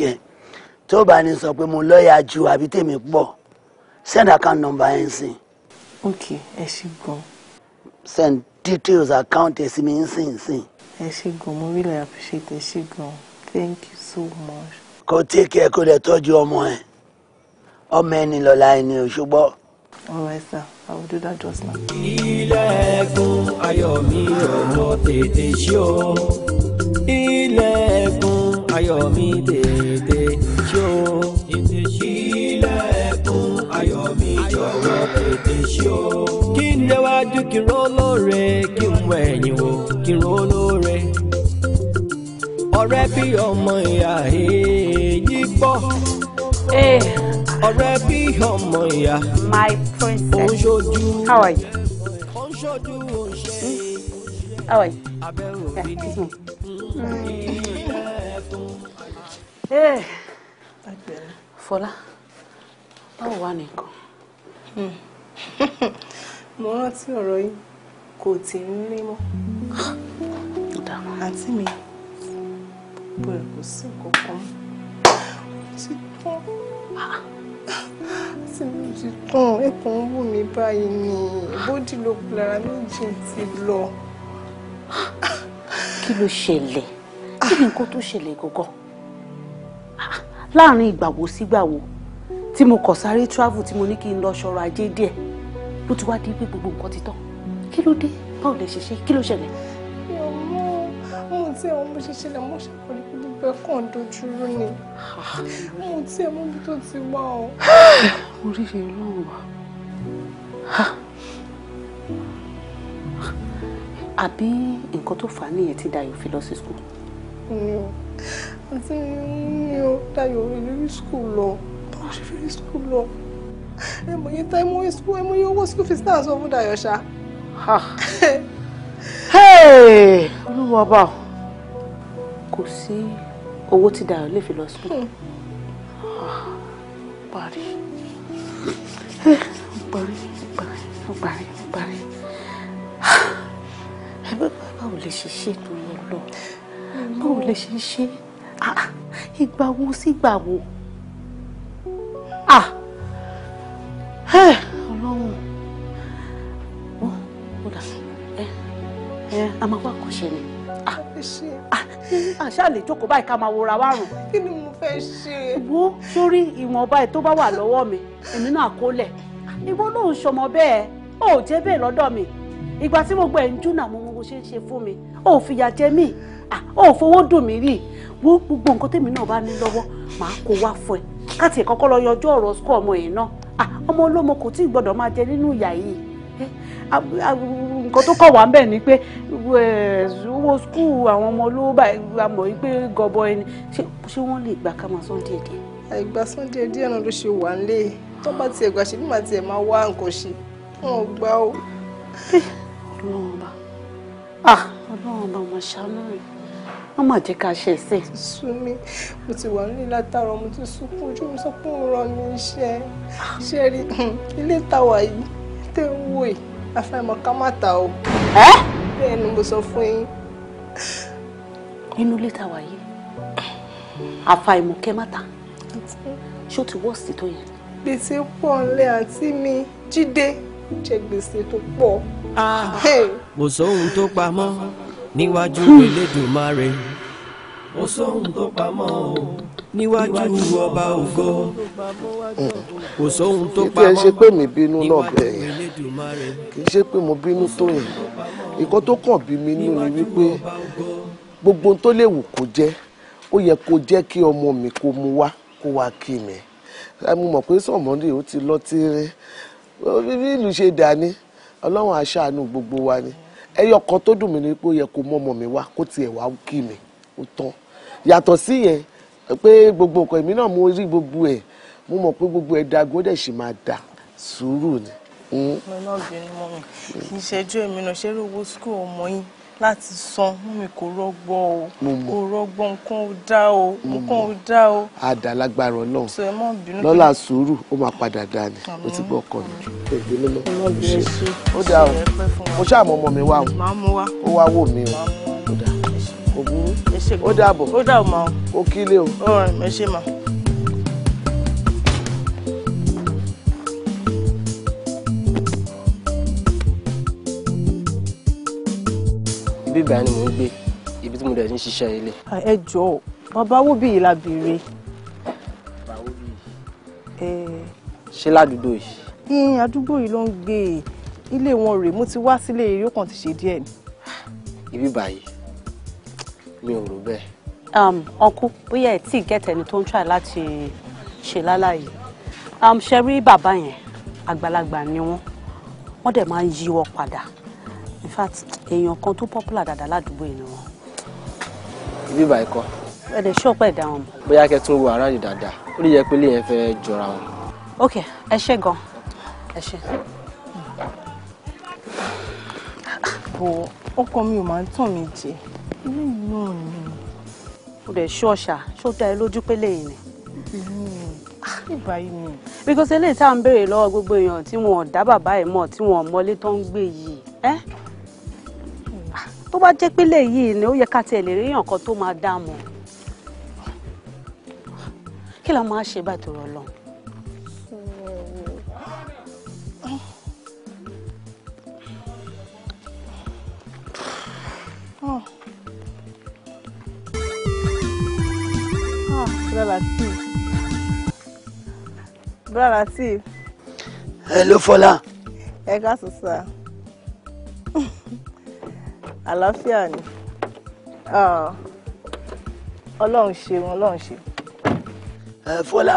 tó bá ní sọ pé mo lọ́ọ̀yà ju àbí tèmi pọ̀ send account number ẹ̀ ń sìn. ok ẹ ṣe gan. send details account ẹ̀ sí mi ń sìn sìn. ẹ ṣe gan mo really appreciate ẹ ṣe gan thank you so much. kò tí kí ẹ kó lè tọ́jú ọmọ ẹ ọmọ ẹni lọ́la ẹni ò ṣùgbọ́n. sir i will do that just now. ilẹ̀kùn ayọ̀ mi ọ̀nà tètè ṣí o ilẹ̀kùn ayọ̀ mi tètè ṣí o ilẹ̀kùn ayọ̀ mi jọ̀wọ́ tètè ṣí o. kí n léwájú kí n ró lóore kí n wẹ̀yìn wò kí n ró lóore ọ̀rẹ́ bí ọmọ ìyá èyí gbọ́. Eh. ọ̀rẹ́ bí ọmọ ìyá. my princess. òun ṣojú. how are you. òun ṣojú òun ṣe. Hmm. how are you. abẹ́ òbí ni. Hmm. Eh. Fọlá báwo wà nìkan. Hmm. mo rántí ọ̀rọ̀ yìí kò tí ń rí mọ́. àǹtí mi bẹ̀rẹ̀ kò sí nǹkan kan ti tán tí ah, mo ti tán ẹkùn ń wù mí báyìí ni bódì ló lára méjì ti lọ. kí ló ṣẹlẹ̀ kí ni nǹkan tó ṣẹlẹ̀ gọ́gọ́ láàrin ìgbàwo sígbàwo tí mo kọ̀ sáré travel tí mo ní kí n lọ ṣọ́rọ̀ ajé díẹ̀ ló ti wá di pé gbogbo nǹkan ti tán kí ló dé báwo lè ṣe ṣe kí ló ṣẹlẹ̀ tí àwọn bó ṣe ṣẹlẹ̀ mo ṣàkóso pé gbogbo ah. ẹ̀ kàn dojú ni mo tí ẹ mú tó ti wá o. oríṣi ọlọ́run wa ah. àbí nǹkan tó fà á nìyẹn tí Dayọ̀ fi lọ sí skul. mi ò àti mi ò Dayọ̀ rẹ̀ lórí skul lọ báwo ṣe fi rí skul lọ ẹ mọ̀ yẹn tá ẹ mọ̀ yẹn skul ẹ mọ̀ yẹn owó skul fi sí tàǹsán fún Dayọ̀ ṣá. Ah. Olúwa bá kò sí owó tí Dayọ̀ lè fi lọ sùn. Hmm. Ah, parí parí parí parí parí ẹgbẹ́ báwo lè ṣe ṣe tó yẹ lọ báwo lè ṣe ṣe ìgbà wo sígbà wo ah, ọlọ́run ó dà ẹ a máa wá ni ṣe. àṣà ah, lè jókòó báyìí ká máa wòra wá rùn. kí ni mo fẹ́ ṣe. wo sórí ìwọ̀nba ẹ̀ tó bá wà lọ́wọ́ mi èmi náà kó lẹ̀ ìwọ náà ń ṣọmọ bẹ́ẹ̀ ó jẹ́ bẹ́ẹ̀ lọ́dọ̀ mi ìgbà tí mo gbọ́ ẹ̀ ń júnà mo mo ṣe ń ṣe fún mi ó fìyà jẹ mí ó ah, fowó dùn mí rí wo gbogbo nǹkan tèmi náà bá ní lọ́wọ́ màá kó wá fún ẹ káàtì ìkọ́kọ́ lọ yanjú ọ̀rọ̀ sukọ ọmọ yìí náà ah, ọmọ olómo kò tí ì gbọ́dọ̀ máa jẹ nínú ìyà yìí eh, nǹkan tó kọ̀ wá bẹ́ẹ̀ ni pé eh, owó skul àwọn ọmọ olówó báyìí la mọ̀ wípé gọbọ ẹni ṣé wọ́n lè gbà ká máa sán díẹ̀ díẹ̀. àìgbà sán díẹ̀ díẹ̀ náà ló ṣe wà nílé tó bá tiẹ̀ gbà ṣe bí màá tiẹ̀ máa wá nǹkan ṣe wọn ò gbà ó. ọlọ́run ọba ah, ọlọ́run ọba mà ṣàánú rẹ̀ wọ́n mà jẹ́ ká ṣe ẹ̀sẹ̀. sú mo ti wà nílé látàrọ mo ti sunkún ojú mi sọ pé òun rán mi iṣẹ́ ah. ṣe rí ilé ìtawà yìí tẹ́ ń wò yìí afẹ́mọ ká má ta o. ẹ́. bẹ́ẹ̀ ni mo sọ fún yín. nínú ilé tá a wà yìí àfàìmọ̀ kẹ́ má ta ṣó ti wọ́ọ̀sì tó yẹ. gbèsè pọ̀ ńlẹ̀ àǹtí mi jíde jẹ gbèsè tó pọ̀. Ah, kò sóhun tó pamọ́ níwájú hmm. Elédùmarè kò sóhun tó pamọ́ o níwájú ọba ògo kò sóhun tó pamọ́. kì í ṣe pé mi bínú kì í ṣe pé mo bínú tó yẹn nǹkan tó kàn bí mi nínú ni wípé gbogbo tó lè wù kó jẹ́ ó yẹ kó jẹ́ kí ọmọ mi kó mu wá kó wá kí mi mo mọ̀ pé sọ̀mọ́dé ó ti lọ tíré bí ìlú ṣe dà ní ọlọ́run aṣáánú gbogbo wa ni ẹyọ kan tó dùn mí ni pé ó yẹ kó mọ́ ọmọ mi wá kó tiẹ̀ wá kí mi ó tán yàtọ̀ sí yẹn pé gbogbo nǹkan èmi náà mo rí gbogbo ẹ̀ mo mọ̀ pé gbogbo ẹ̀ dagun ó dẹ̀ sì máa dà sùúrù ni. Hmm. mo náà bínú mọ́ mi kì í ṣẹ́jú èmi náà ṣé owó school ọmọ yín láti san mi kò rọgbọ o kò rọgbọ nǹkan ò dá o nǹkan ò dá o. àdàlágbára Ọlọ́run lọ́la sùúrù ó máa padà dá ni ó ti gbọ́ ọkọ mi ó dá o mo ṣáà mọ ọmọ mi wá o wá wò mí o kò burú ó dàbọ̀ ó dàbọ̀ o. ó rìn mí ṣe mọ́. ibi ìbàyẹn ni mò ń gbé ibi tí mo dẹ̀ ti ń ṣiṣẹ́ ilé. Ah, ẹ jọ̀ọ́ bàbá wo bí yìí la béèrè. bàbá wo bí yìí. Eh. ṣé ládùúgbò yìí. ìyìn hmm, àdúgbò yìí ló ń gbé e ilé wọn rèé mo ti wá sílé eré kan ti ṣe díẹ̀ ni. ibi báyìí mi ò rò bẹ́ẹ̀. ọkú um, bóyá ẹ tí ì gẹ̀tẹ̀ ni tó ń try láti ṣe lálàyé um, ṣe rí bàbá yẹn àgbàlagbà ni wọ́n wọ́n dẹ̀ máa ń yíwọ́ padà in fact èèyàn kan tó popular dáadáa ládùúgbò yìí ni wọ́n. ibi ìbà ẹ̀kọ́. ẹ lè ṣó pẹ̀ dá wọn mọ̀. bóyá kẹ́ tún wo aráàlú dáadáa ó lè yẹ pé lè yẹn fẹ́ jọra wọn. ok ẹ ṣe gan ẹ ṣe. bò ọkọ mi ò máa ń tàn mí jẹ inú náà ni o dẹ̀ ṣú ọ̀ṣà ṣó dá ẹ lójú pé lẹ́yìn ni. ìbáyìí hmm. ni. because eléyìí tá à ń béèrè lọ́wọ́ gbogbo èèyàn tí wọn ò dá bàbá ẹ̀ mọ̀ tí wọn ò mọlé tó ń gbé yìí ẹ́ tó bá jẹ́ pé lẹ́yìn ni ó yẹ ká tiẹ̀ lè rí èèyàn kan tó máa dá mọ̀ kí la máa ṣe bá tòrọ lọ. Oh. Ah, Brother Lateef. Brother Lateef. Hello, Fọlá. Ẹ káàsán sà. Àlàáfíà ni. Ọlọ́run ah, ṣeun, Ọlọ́run ṣe. Ẹ eh, Fọlá,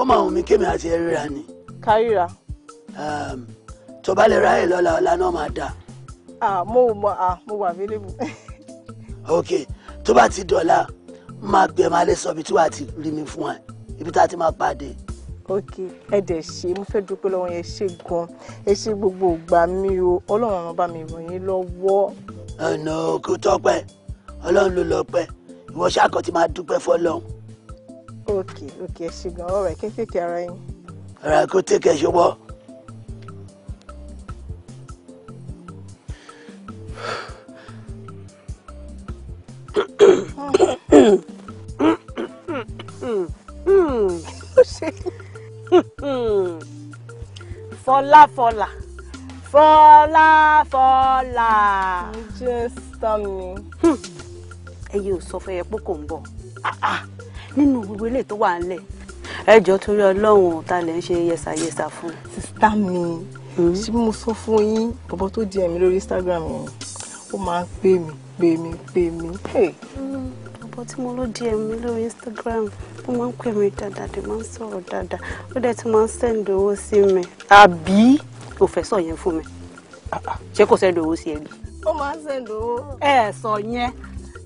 ó máa hùn mí kémi àti ẹ ríra ni. Káríra. Ehm, tó bá lè ráyè lọ́la ọ̀la náà máa dà. Ah, mo wà available. Okay. To bá ti máa bẹ̀ máa lè sọ ibi tí wàá ti rí mi fún ẹ ibi tá a ti máa pàdé. ok ẹ dẹ̀ ṣe mo fẹ́ dúpẹ́ lọ́wọ́ yẹn ṣe gan ẹ ṣe gbogbo ìgbà mi o ọlọ́run àwọn bá mi ràn yín lọ́wọ́. ẹnà kò tọpẹ́ ọlọ́run ló lọ pẹ́ ìwọ ṣáàkọ ti máa dúpẹ́ fọ́lọ́run. ok ok ẹ ṣe gan ọ̀rọ̀ ẹ kékèké ara yín. ara kò tẹkẹ ṣọwọ́. fọláfọlá fọláfọlá. jẹ́ sami. ẹyẹ ò sọ fẹyẹ pé kò ń bọ̀ ah, ah. nínú gbogbo ilé tó wà ńlẹ̀ ẹjọ́ torí ọlọ́run ta lẹ ń ṣe yẹsàyẹsà fún. sista mi hmm? ṣé mo sọ fún yín bọ́bọ́ tó di ẹ̀mí lórí Instagram yẹn ó máa ń pè mí pè mí pè mí. Mm, ọ̀pọ̀ tí mo ló díẹ̀ mi lórí Instagram ó máa ń pè mí dáadáa dé máa ń sọ̀rọ̀ dáadáa ó dẹ̀ tún máa ń sẹ́ǹdì owó sí mi. àbí o fẹ́ sọ yẹn fún mi ṣé kò sẹ́ǹdì owó sí ẹ bí. ó máa ń sẹ́ǹdì owó. ẹ sọ yẹn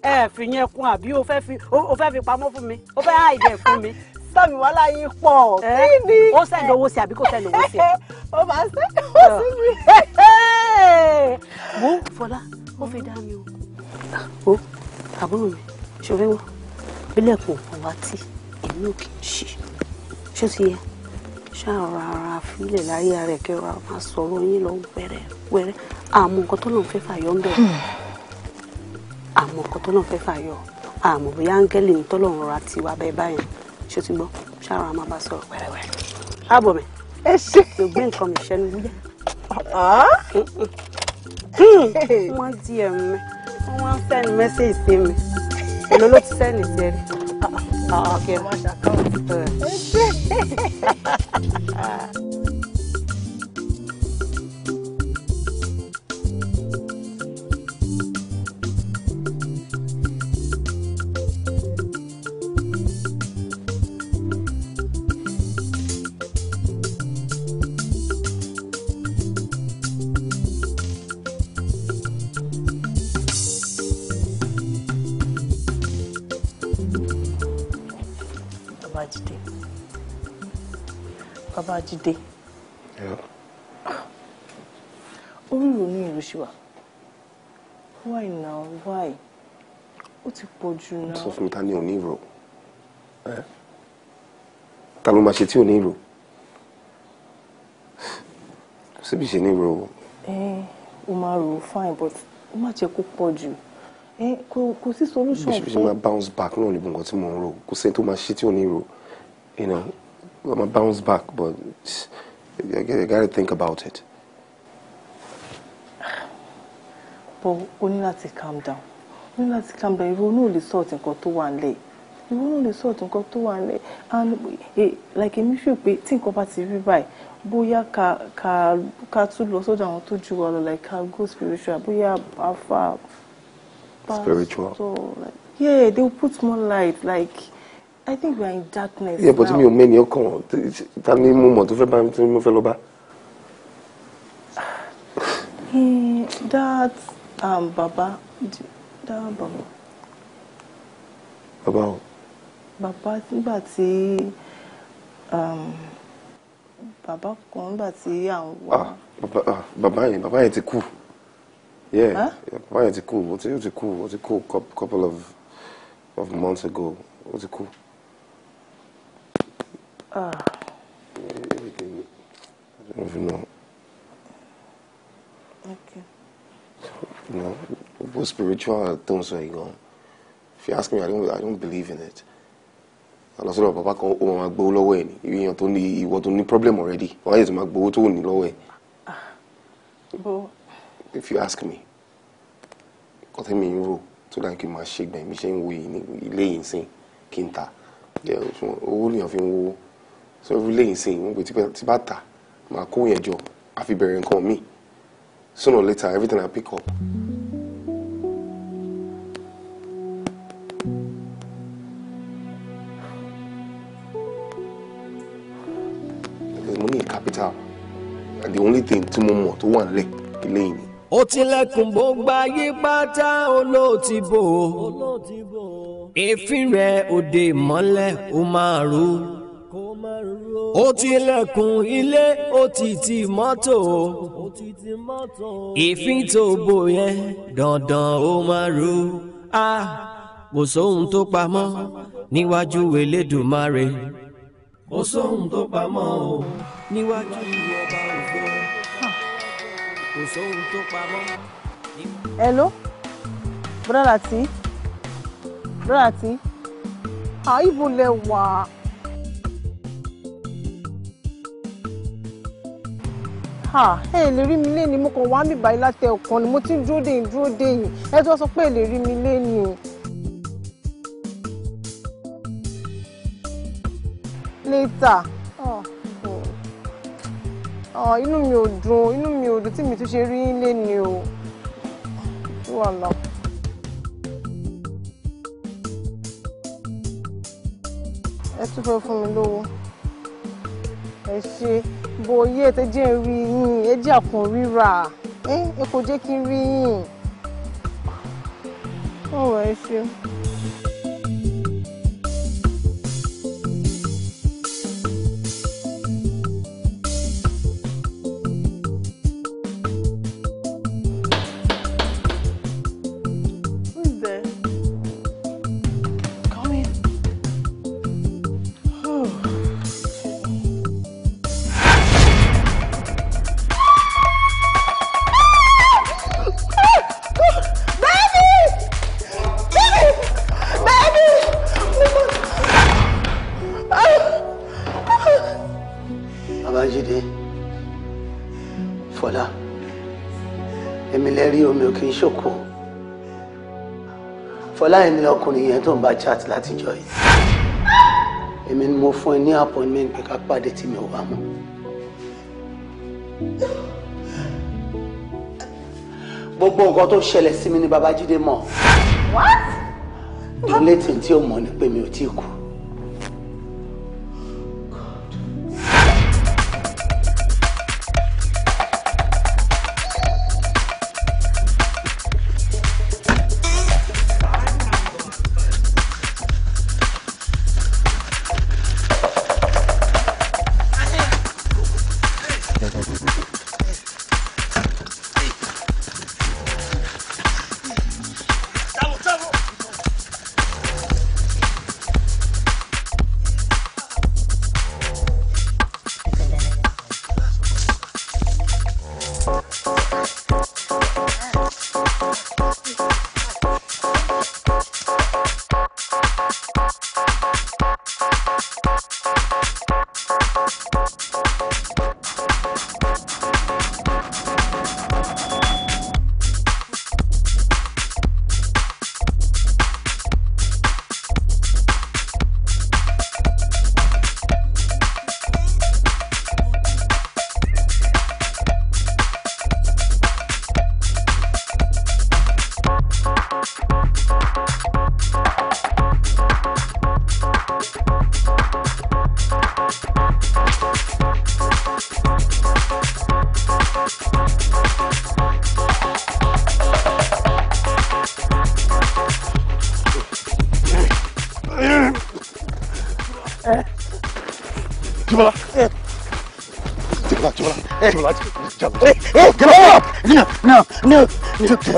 ẹ fi yẹn kún àbí o fẹ́ fi o fẹ́ fi pamọ́ fún mi o fẹ́ àìdẹ̀ fún mi sọmi wàhálà yín pọ̀. kí ó sẹ́ni owó sí àbí kò sẹ́ni owó sí ẹ. ó máa sẹ́ni owó sí mi. wo Fọlá ó fi dá mi o ó ah, àbúrò mi ṣòro wọn bílẹ̀kùn òkun wá tí èmi ò kì í ṣe ṣó ti yẹ ṣàrọ̀ ara fílẹ̀ láyé ara ẹ̀ kẹrọ àwọn asọ̀rọ̀ yín lọ wẹ́rẹ́ wẹ́rẹ́ àmọ́ nǹkan tó lọ́n fẹ́ fàyọ́ ń bẹ̀ hmm. àmọ́ nǹkan tó lọ́n fẹ́ fàyọ́ àmọ́ bóyá áńgẹ́lì ń tọ́lọ́run ra tiwa bẹ́ẹ̀ báyìí ṣó ti gbọ́ ṣàrọ̀ àwọn máa bá sọ̀rọ̀ wẹ́rẹ́wẹ́rẹ́ ààbọ̀ mi ẹ ṣe ló gbé nǹkan wọ́n ń send message sí mi èló ló ti send sí ẹ. Ah, ah, ah, máa ṣàkóso. Babájídé yeah. ìrònú ìlú ṣì wà why now why ó ti pọ̀ jù náà. sọ fún mi ta ni ò ní ìrò ta ló máa ṣe tí ò ní ìrò síbi ṣe ní ìrò. o fine but ó má jẹ́ kó eh? jù kò sí solution fún. bí ṣe bounce back náà níbi nǹkan tí mò ń rò kò sẹ́ni tó máa ṣe tí ò ní ìrò. I'm gonna bounce back, but I gotta think about it. But we need to calm down. We need to calm down. We Ìrònú ò lè sọ̀tì nǹkan one day. nílẹ̀. Ìrònú ò lè sọ̀tì nǹkan tó one day. And e, like if you pé tí nǹkan bá ti rí báyìí, bóyá ká ká ká tún lọ sọ́dọ̀ àwọn tó jù like ká go spiritual bóyá afa. Spiritual. So like yeah, they will put more light like. I think we are in darkness. Yeah, but me, ò mẹ́ni ọkàn ta ni mo mọ̀ tó fẹ́ bá mi tí mo fẹ́ lọ bá. That um, baba that baba. Baba o. Baba nígbà tí um, baba kan nígbà tí à ń wá. Baba yẹn baba yẹn ti kú. Yeah, huh? yeah, baba yẹn ti kú, ó ti kú, ó ti kú couple of of months ago, ó ti kú. Uh. Everything. I don't even know. Okay. You spiritual things are you going? If you ask me, I don't, I don't believe in it. àlọsọdọ bàbá kan ó máa gbowó lọ́wọ́ ẹ ní ìyẹn tó ní ìwọ tó ní problem already Why is tó máa gbowó tó if you ask me kọtẹ́ mi ń rò tó dáa kí n máa ṣe gbẹ̀mí ṣe ń wo ilé yìí sìn kí n ta owó nìyẹn fi ń wo so irú lẹ́yìn sí ìwọ̀n pé tí bá tà máa kó yẹn jọ àfi mi sooner or later everything I pick up. mo ní capital and the only thing tí mo mọ̀ tó wà nílẹ̀ ilé yìí ni. ó tilẹ̀kùn gbogbo ayé pátá olóòtú bò rẹ̀ òde mọ́lẹ̀ ó máa rú ó ti lẹ̀kùn ilé ó ti ti mọ́tò ìfín tó bò yẹn dandan ó máa ru a kò sóhun tó pamọ́ níwájú Elédùmarè kò sóhun tó pamọ́ o níwájú ọba ògbó kò sóhun tó pamọ́. hello brother ti brother ti àìbò lẹ wà. ẹ lè rí mi lé ni mo kàn wá mi báyìí látẹ ọkàn ni mo ti ń dúró dé dúró dé yìí ẹ tó sọ pé ẹ lè rí mi lé ni o. later oh. Oh, oh, inú mi ò dùn inú mi ò dùn tí mi tún ṣe rí yín lé ni o. wàhálà. ẹ tún fẹ́ fún mi lówó ẹ ṣe bòye ẹ jẹ́ ń rí yín ẹ jẹ́ àfún rírà ẹ kò jẹ́ kí n rí yín. ọ̀rọ̀ ẹ ṣeun. ló kì fọláyìn ni ọkùnrin yẹn tó ń bá chat látijọ́ yìí èmi ni mo fún ẹ ní appointment pé ká pàdé tí mi ò wá mọ́ gbogbo nǹkan tó ṣẹlẹ̀ sí mi ni babájídé mọ̀. what. the only thing tí ó mọ̀ ni pé mi ò tí kú.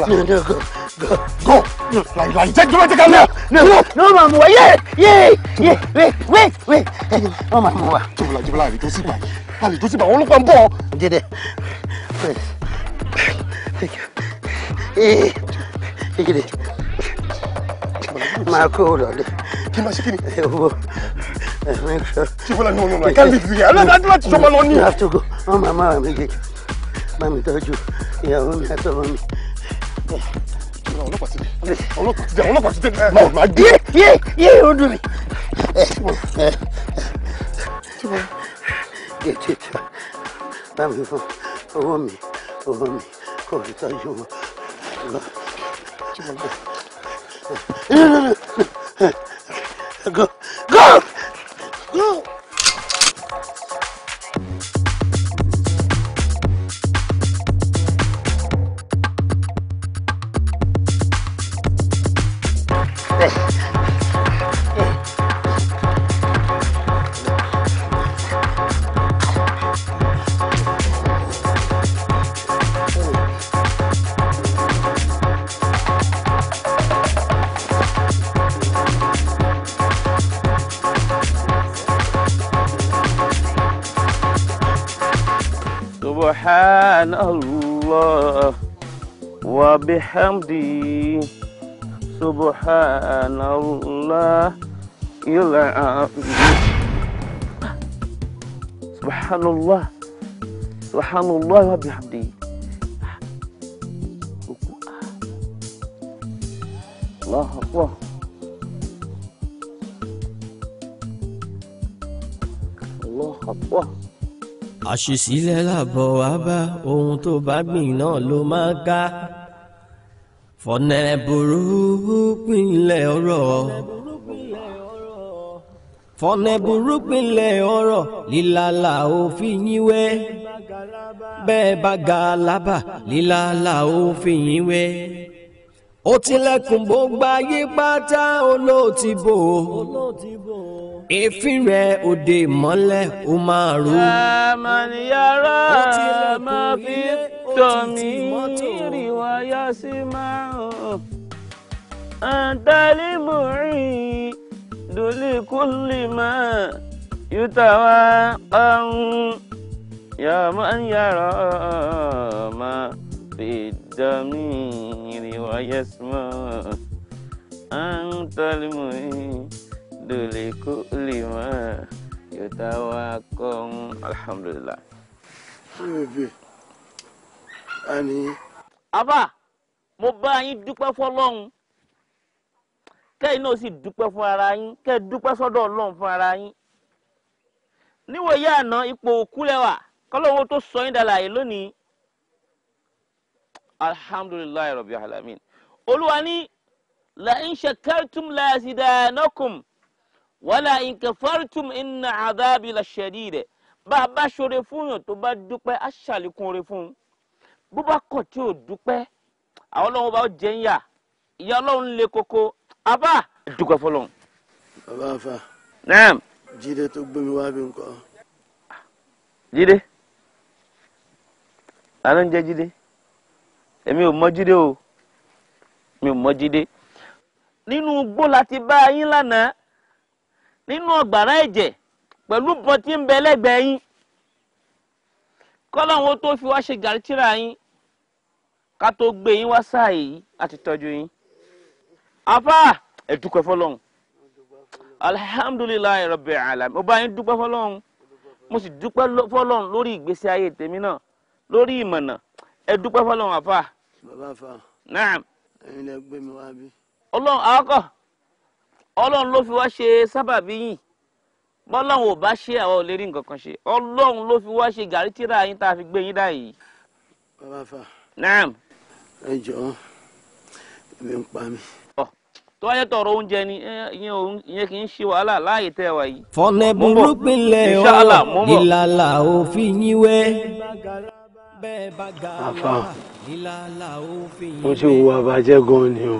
Nicola. No, no, go. Go. Go. No, fly, fly. Take Juma, take her now. No, no, no, Mamua. Yeah, yeah, yeah. Wait, wait, wait. No, Mamua. Juma, Juma, Ali, don't sit by. Ali, don't sit by. All of them, boy. Did it. Wait. Thank you. Hey, take it. My cold, Ali. Juma, she can. Oh. Make sure. Juma, no, no, no. I can't leave you here. I don't want to jump on you. You have to go. Oh, Mama, I'm going to. Mami, tọ́jú ìyàwó mi àtọmọ mi ọlọ́pàá ti dé ọlọ́pàá ti dé ọlọ́pàá ti dé máa máa gbé. yé yé o dùn mí. ètò ètò bá mi fún owó mi owó mi kò fi tọ́jú wọn. Go! Go! Go! bihamdi subhanallah ilaahi subhanallah subhanallah wa bihamdi allah akbar allah akbar àṣìṣílẹ̀ làbọ̀ wá bá ohun tó bá gbìn náà ló máa ká fọ̀nà burúkú pinlẹ̀ ọ̀rọ̀ fọ̀nà burúkú pinlẹ̀ ọ̀rọ̀ lílàlà òfin yín wẹ́ bẹ́ẹ̀ bá ga lábà lílàlà òfin yín wẹ́ ó tilẹ̀kùn gbogbo ayé pátá olóòtí bò ó èéfín rẹ̀ òde ìmọ́lẹ̀ ó máa ró. àmàlìyàrá máa fi tọ̀mí ìrìwáyà sí máa hàn. àǹtálí mùrí dùlíkùlì máa yùtàwá ọ̀hún. yàmàlìyàrá máa fi tọ̀mí ìrìwáyà sí máa hàn. àǹtálí mùrí duliku lima wakong, alhamdulillah ani. apa, mo bá yín dúpẹ́ fọlọ́run kẹ́yìn náà sì dúpẹ́ fún ara yín kẹ́ ẹ dúpẹ́ sọ́dọ̀ ọlọ́run fún ara yín níwòye àná ipò òkú lẹ́wà kọ́lọ́wọ́ tó sọ yín dàlàyé lónìí alhamdulilayi rabbi alamin olúwa ní la in shakartum la zidanakum wala in kafartum inna adhabi la shadid bá a bá ṣoore fún yàn tó bá dúpẹ́ á ṣàlékún oore fún un bó bá kọ̀ tí ò dúpẹ́ àwọn ọlọ́run bá jẹ́ ń yà ìyá ọlọ́run le koko abá dúpẹ́ fọlọ́run. bàbá afa. jíde tó gbé mi wá bí nǹkan. jíde àná ń jẹ jíde èmi ò mọ jíde o mi ò mọ jíde nínú igbó la ti bá yín lánàá nínú ọgbàrá ẹ̀jẹ̀ pẹ̀lú bọ́n tí ń bẹ lẹ́gbẹ̀ẹ́ yín kọ́lọ́hún ó tó fi wá ṣe gàrí tíra yín ká tó gbé yín wá sáàyè yìí àti tọ́jú yín afá ẹ dúpẹ́ alihamdulilayi rabbi alam mo yín dúpẹ́ fọlọ́hún mo sì dúpẹ́ fọlọ́hún lórí ìgbésí ayé tèmi náà lórí ìmọ̀nà ẹ dúpẹ́ fọlọ́hún afá. bàbá naam. ẹ̀yin lẹ gbé mi wá bí. ọlọ́run ọlọ́run ló fi wá ṣe sábàbí yìí bọ́lọ́run ò bá ṣe àwọn ò nǹkan kan ṣe ọlọ́run ló fi wá ṣe gàrí tíra yín tá a fi gbé yín dá yìí. bàbá naam. ẹ jọ̀ọ́ èmi ń pa mi. tó wáyé tọrọ oúnjẹ ni ìyẹn kì í ṣe wàhálà láàyè tẹ wá yìí. fọlẹ́ burúkú lẹ̀ ìlàlà òfin yín wẹ́ àfà mo ti wo àbàjẹ́ gan ni o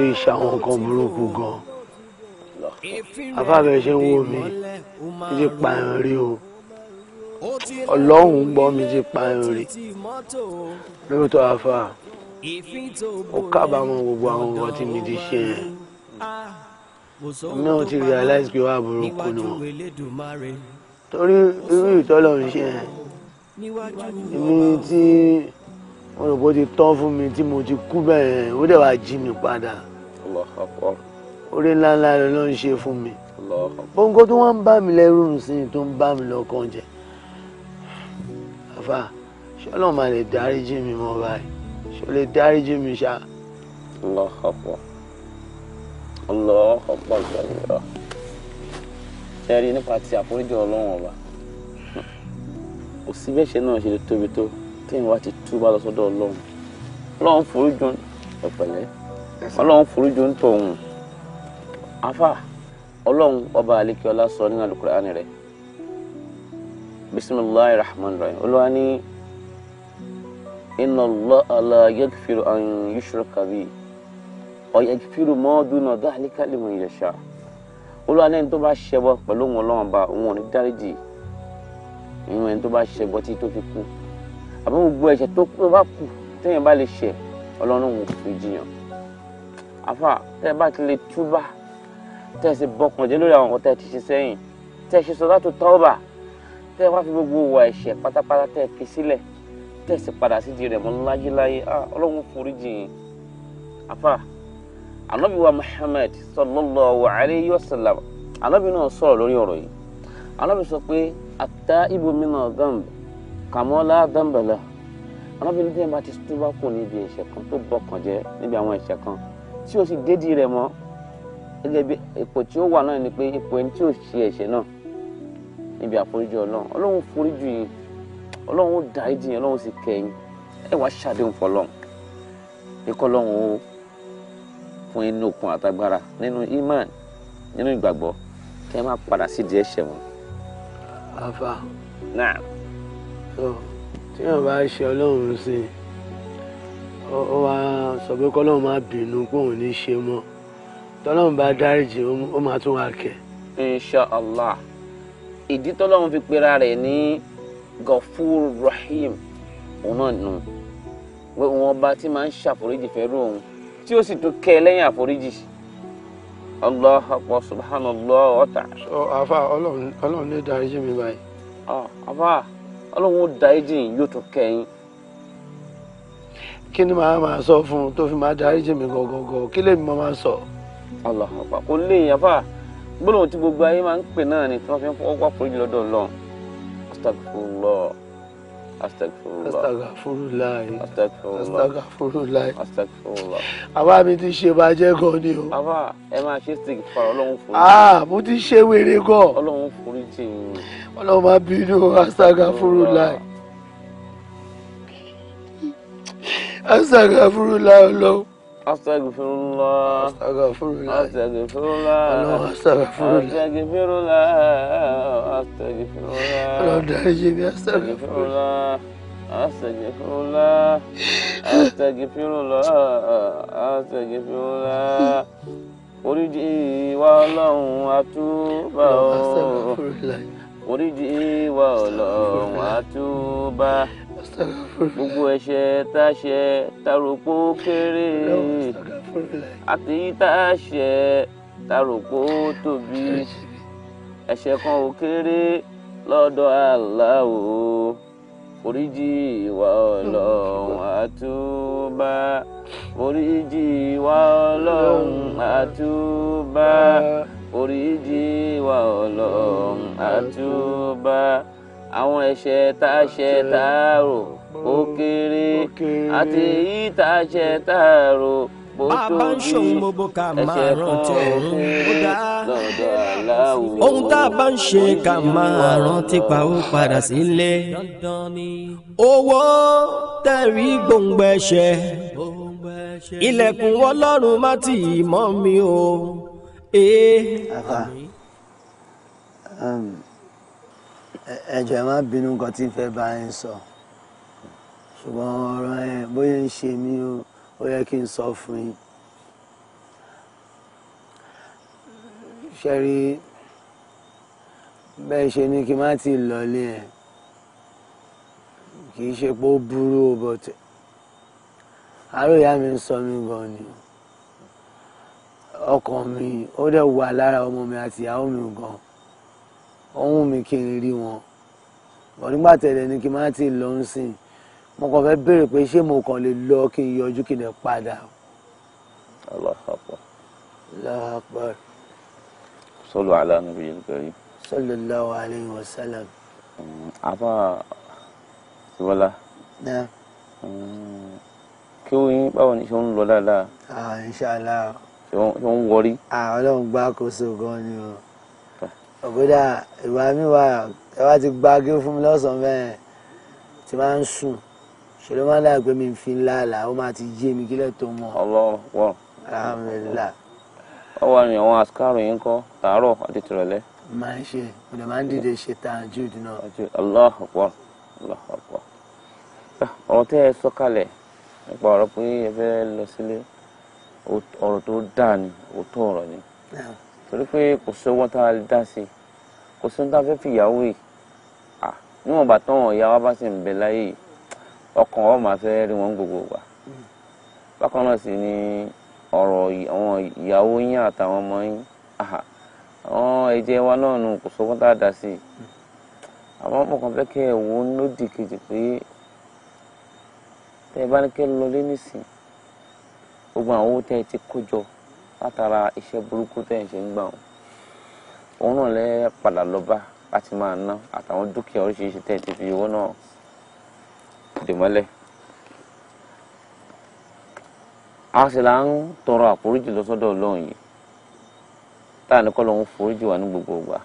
lè ṣàwọn nǹkan burúkú gan àfà bẹ́ẹ̀ ṣe ń wò mí ti ti pààyàn rí o ọlọ́run gbọ́ mi ti pààyàn rí lóòótọ́ àfà ó kábàámọ̀ gbogbo àwọn nǹkan tí mi ti ṣe yẹn ah, mi ò ti realize pé wàá burúkú ni wọn torí irú ìtọ́lọ̀ ṣe yẹn èmi tí wọn rò bó ti tọ́ fún mi tí mo ti kú bẹ́ẹ̀ ó dẹ̀ wá jí mi padà orí ńláńlá rẹ ló ń ṣe fún mi bóńgó tó wọ́n ń bá mi lẹ́rù sí tó ń bá mi lọ́kàn jẹ́ àfà ṣọlọ́ máa lè dáríjì mi mọ́ báyìí ṣọ lè dáríjì mi ṣá. ọlọ́ọ̀pọ̀ ọlọ́ọ̀pọ̀ ìgbàlódé ṣe rí nípa ti àforíjì ọlọ́run ọba kò sí bí ẹ̀ṣẹ̀ náà ṣe lè tóbi tó téèyàn wá ti túbà lọ sọ́dọ̀ Ọlọ́run Ọlọ́run foríjì ẹ̀pẹ̀lẹ́ Ọlọ́run foríjì ń tọ̀ ọ̀hún afa Ọlọ́run ọba àlekíọ́lá sọ nínú Al-Qur'ani rẹ̀ bisimilahi rahman rahim olúwa ní inna Allaha la yaghfiru an yushraka bihi wa yaghfiru ma duna dhalika liman yasha olúwa ní ẹni tó bá ṣẹbọ pẹ̀lú òun Ọlọ́run ọba òun ò ní dáríjì ìyẹn ẹni tó bá ṣe bọ́tí tó fi kú àbọ̀ gbogbo ẹ̀ṣẹ̀ tó bá kù téèyàn bá lè ṣẹ̀ ọlọ́run ò fi jiyàn àfà tẹ́ ẹ bá ti lè túbà tẹ́ ẹ sì bọkàn jẹ́ lórí àwọn nǹkan tẹ́ ẹ ti ṣe sẹ́yìn tẹ́ ẹ ṣe sọdá tó tọ́ọ̀bà tẹ́ ẹ wá fi gbogbo ìwà ẹ̀ṣẹ̀ pátápátá tẹ́ ẹ fi sílẹ̀ tẹ́ ẹ sì padà sí di rẹ̀ mọ́ láyéláyé ah, ọlọ́run forí jìn àfà ànábì wa Muhammad sallallahu alayhi wa sallam ànábì náà sọ̀rọ̀ lórí ọ̀rọ̀ yìí ànábì sọ pé at-taibu mina dhanb kàmọ́lá dánbẹ̀lá arábìnrin tí yẹn bá ti túbá kù níbi ẹ̀ṣẹ̀ kan tó bọ̀kàn jẹ́ níbi àwọn ẹ̀ṣẹ̀ kan tí o sì dédìí rẹ̀ mọ́ gẹ́gẹ́ bí ipò tí ó wà náà ni pé ipò ẹni tí ò ṣe ẹ̀ṣẹ̀ náà níbi àforíjì ọlọ́run ọlọ́run foríjì yín ọlọ́run ó dá ìdí yín ọlọ́run sì kẹ́yìn ẹ e wá ṣàdéhùn fọlọ́run ikọ́ ọlọ́run ó fún inú okun àtagbára nínú iman nínú ìgbàgbọ́ kẹ́ ẹ e má padà sídìí ẹ̀ṣẹ̀ wọn àfà. náà. so tí wọn bá ṣe ọlọ́run sí i ó wá sọ pé kọ́lọ́run má bínú pé òun ní ṣe mọ́ tọ́lọ́run bá dáríjì ó máa tún wá kẹ̀. insha ìdí tọ́lọ́run fi pera rẹ̀ ní gafur rahim òun náà nù pé òun ọba tí máa ń ṣàforíjì fẹ́ òun tí ó sì tún kẹ́ lẹ́yìn àforíjì. Allah akpọ subhanallah ọta. ọ àfa Ọlọ́run Ọlọ́run lè mi báyìí. ọ àfa Ọlọ́run ó dáríjì yóò tún kẹ́yìn. kí ni màá máa sọ fún un tó fi máa dáríjì mi gọgọgọ kí lè mọ ma sọ. Allah akpọ kò lè gbólóhùn tí gbogbo ayé máa ń pè náà ni tí wọ́n fi ń fọwọ́ jùlọ dọ̀ lọ. astagfurulayi astagfurulayi astagfurulayi. àbá mi ti ṣe bàjẹ́ gan ni o. àbá ẹ máa ṣe stick fara ọlọ́run forí. aa ah, mo ti ṣe wèrè gan. ọlọ́run forí ti wù. ọlọ́run máa bínú astagfurulayi. astagfurulayi ọlọ́run astagfirullah astagfirullah astagfirullah astagfirullah astagfirullah ọlọ́dàájì mi astagfirullah astagfirullah astagfirullah astagfirullah oríjì wa ọlọ́run àtúbà o oríjì wa ọlọ́run àtúbà gbogbo ẹ̀ṣẹ̀ tá a ṣẹ̀ tá a rò pé ó kéré àti tá a ṣẹ̀ tá a rò pé tóbi ẹ̀ṣẹ̀ kan ò kéré lọ́dọ̀ Allah oríjì ìwà ọlọ́run àtúbà oríjì ìwà ọlọ́run àtúbà oríjì ìwà ọlọ́run àtúbà àwọn ẹ̀ṣẹ̀ tá a ṣẹ̀ tá a rò ó kéré àti èyí tá a ṣẹ̀ tá a rò bó ẹ̀ṣẹ̀ kan ó lọ́dọ̀ aláwo. ohun tá a bá ń ṣe ká máa rántí pa ó padà sílé. owó tẹ̀rí gbòǹgbò ẹ̀ṣẹ̀ ilẹ̀kùn ọlọ́run má tì mọ́ mi o. àbá. Um, ẹjọ ẹ má bínú nǹkan tí ń fẹ́ bá ẹ sọ ṣùgbọ́n ọ̀rọ̀ ẹ bóyá ń ṣe mí o ó yẹ kí n sọ fún yín ṣe rí bẹ́ẹ̀ ṣe ni kí n má ti lọlé ẹ kì í ṣe pé ó burú o but àárò ìyá mi ń sọ mí gan ni ọkàn mi ó dẹ̀ wà lára ọmọ mi àti ìyàwó mi gan ọ̀hún mi kí n rí wọn bọ̀ nígbà tẹ̀lé ni kí n má ti lọ ń sìn mo kàn fẹ́ béèrè pé ṣé mo kàn lè lọ kí n yọjú kí n lè padà. Allahu Akbar. Allahu Akbar. Sallu ala nabiyil karim. Sallallahu alayhi wa sallam. àbá ìwọlá. kí wọ́n yín báwo ni ṣe ń lọ dáadáa. Ah, inshallah. ṣe ń wọrí. àwọn ah, ọlọ́run gbá kóso gan ni o ọ̀gọ́dà ìwà mi wà ẹ wá ti gba kí ó fún mi lọ́sàn-án bẹ́ẹ̀ tí máa ń sùn ṣe ló máa ń dàgbé mi fi ń láàlà ó máa ti yé mi kílẹ̀ tó mọ̀. ọlọ́wọ́ alhamdulilah. ọ wà ní àwọn àṣkárò yín kọ́ tàárọ̀ àti tìrọ̀lẹ́. máa ń ṣe mo lè máa ń dìde ṣe tahajjud náà. Allahu akbar Allahu akbar. ọ̀rọ̀ tí ẹ sọ kalẹ̀ nípa ọ̀rọ̀ pé ẹ fẹ́ lọ sílé ọ̀rọ̀ tó dáa ni òótọ́ ọ̀rọ̀ ni torí pé kò sówó tá a lè dá sí i kò sóhun tá a fẹ́ fìyàwó yìí níwọ̀n bá tán wọn ìyá wa bá sì ń bẹ láyé yìí ọkàn wọn máa fẹ́ rí wọn gbogbo gbà bákan náà sì ni ọ̀rọ̀ àwọn ìyàwó yín àtàwọn ọmọ yín àwọn ẹ̀jẹ̀ wa náà nù kò sọ́kún tá a dá sí i àwọn ọmọ kan fẹ́ kẹ́ ẹ̀ wò ó lódì kejì pé tẹ́ ẹ bá ní kẹ́ lọlé nísìn gbogbo àwọn owó tẹ́ ẹ ti kó jọ látara iṣẹ́ burúkú tẹ̀ ń ṣe ń gbà wọn òun náà lẹ́ padà lọ bá láti máa ná àtàwọn dúkìá oríṣiríṣi tẹ̀ ti fi owó náà dè mọ́lẹ̀ a sì là ń tọrọ àforíjì lọ́sọ́dọ̀ ọlọ́run yìí táà ní kọ́ lòun foríjì wà ní gbogbo ìgbà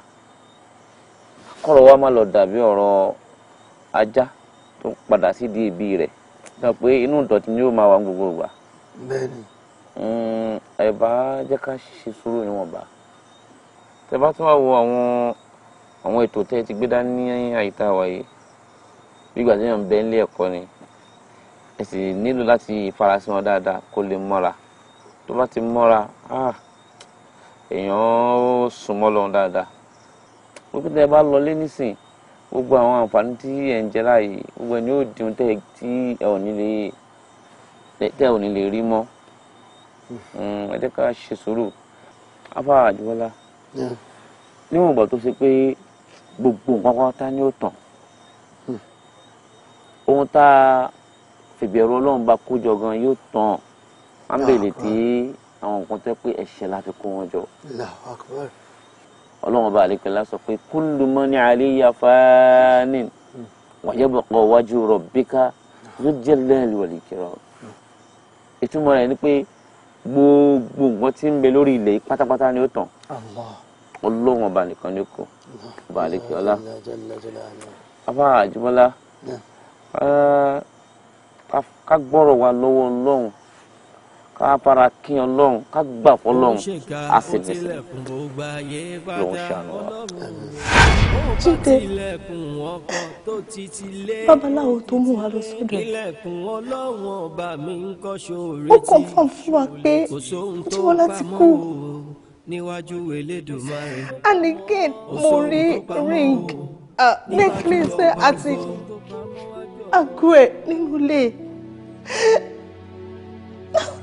kọ́rọ̀ wa má lọ dàbí ọ̀rọ̀ ajá tó padà sídìí ìbí rẹ̀ sọ pé inú ìdọ̀tí ni yóò máa wà ní gbogbo ìgbà. bẹ́ẹ̀ni Hmm, ẹ̀bá jẹ́ ká ṣe sùúrù níwọ̀nba tẹ bá tún wá wo àwọn àwọn ètò tẹ́ ti gbé dání àyíká wa yìí bí ìgbà tí èèyàn bẹ ẹ̀kọ́ ni ẹ sì nílò láti farasin wọn dáadáa kó lè mọ́ra tó bá ti mọ́ra ah, èèyàn ó sùn mọ́ lọ́hùn dáadáa wípé tẹ bá lọ lé nísìn gbogbo àwọn àǹfààní tí ẹ̀ ń jẹ láàyè gbogbo ẹ̀ ni ó di tẹ́ ẹ ò ní lè rí mọ́ ẹ jẹ́ ká ṣe sùúrù afa àjùwọ́lá níwọ̀n ìgbà tó ṣe pé gbogbo nǹkan pátá ni ó tàn hmm. ohun tá a fìbẹ̀rù ọlọ́run bá kó jọ gan yóò tàn á ń bèèrè tí àwọn nǹkan tó pé ẹ̀ṣẹ̀ la fi kó wọn jọ. ọlọ́run bá àlékèlá sọ pé kullu man alayha fanin wa yabqa wajhu rabbika dhul jalali wal ikram. Hmm. ìtumọ̀ rẹ̀ ni pé gbogbo nǹkan tí ń bẹ lórí ilẹ̀ pátápátá ni ó tàn ọlọ́run ọba nìkan ni ó kù ọba àlekè ọlá afá àjùmọ́lá ká gbọ́rọ̀ wa lọ́wọ́ ọlọ́run ká fara kí ọlọ́run ká gbà fọlọ́run á sì bẹ̀sẹ̀ lòun ṣàánú wa. jíde babaláwo tó mú wa lọ sọ́dọ̀ ó confirm fún wa pé tí wọ́n láti kú níwájú Elédùmarè. and again mo rí ring uh, necklace uh, àti àgọ́ ẹ̀ nínú ilé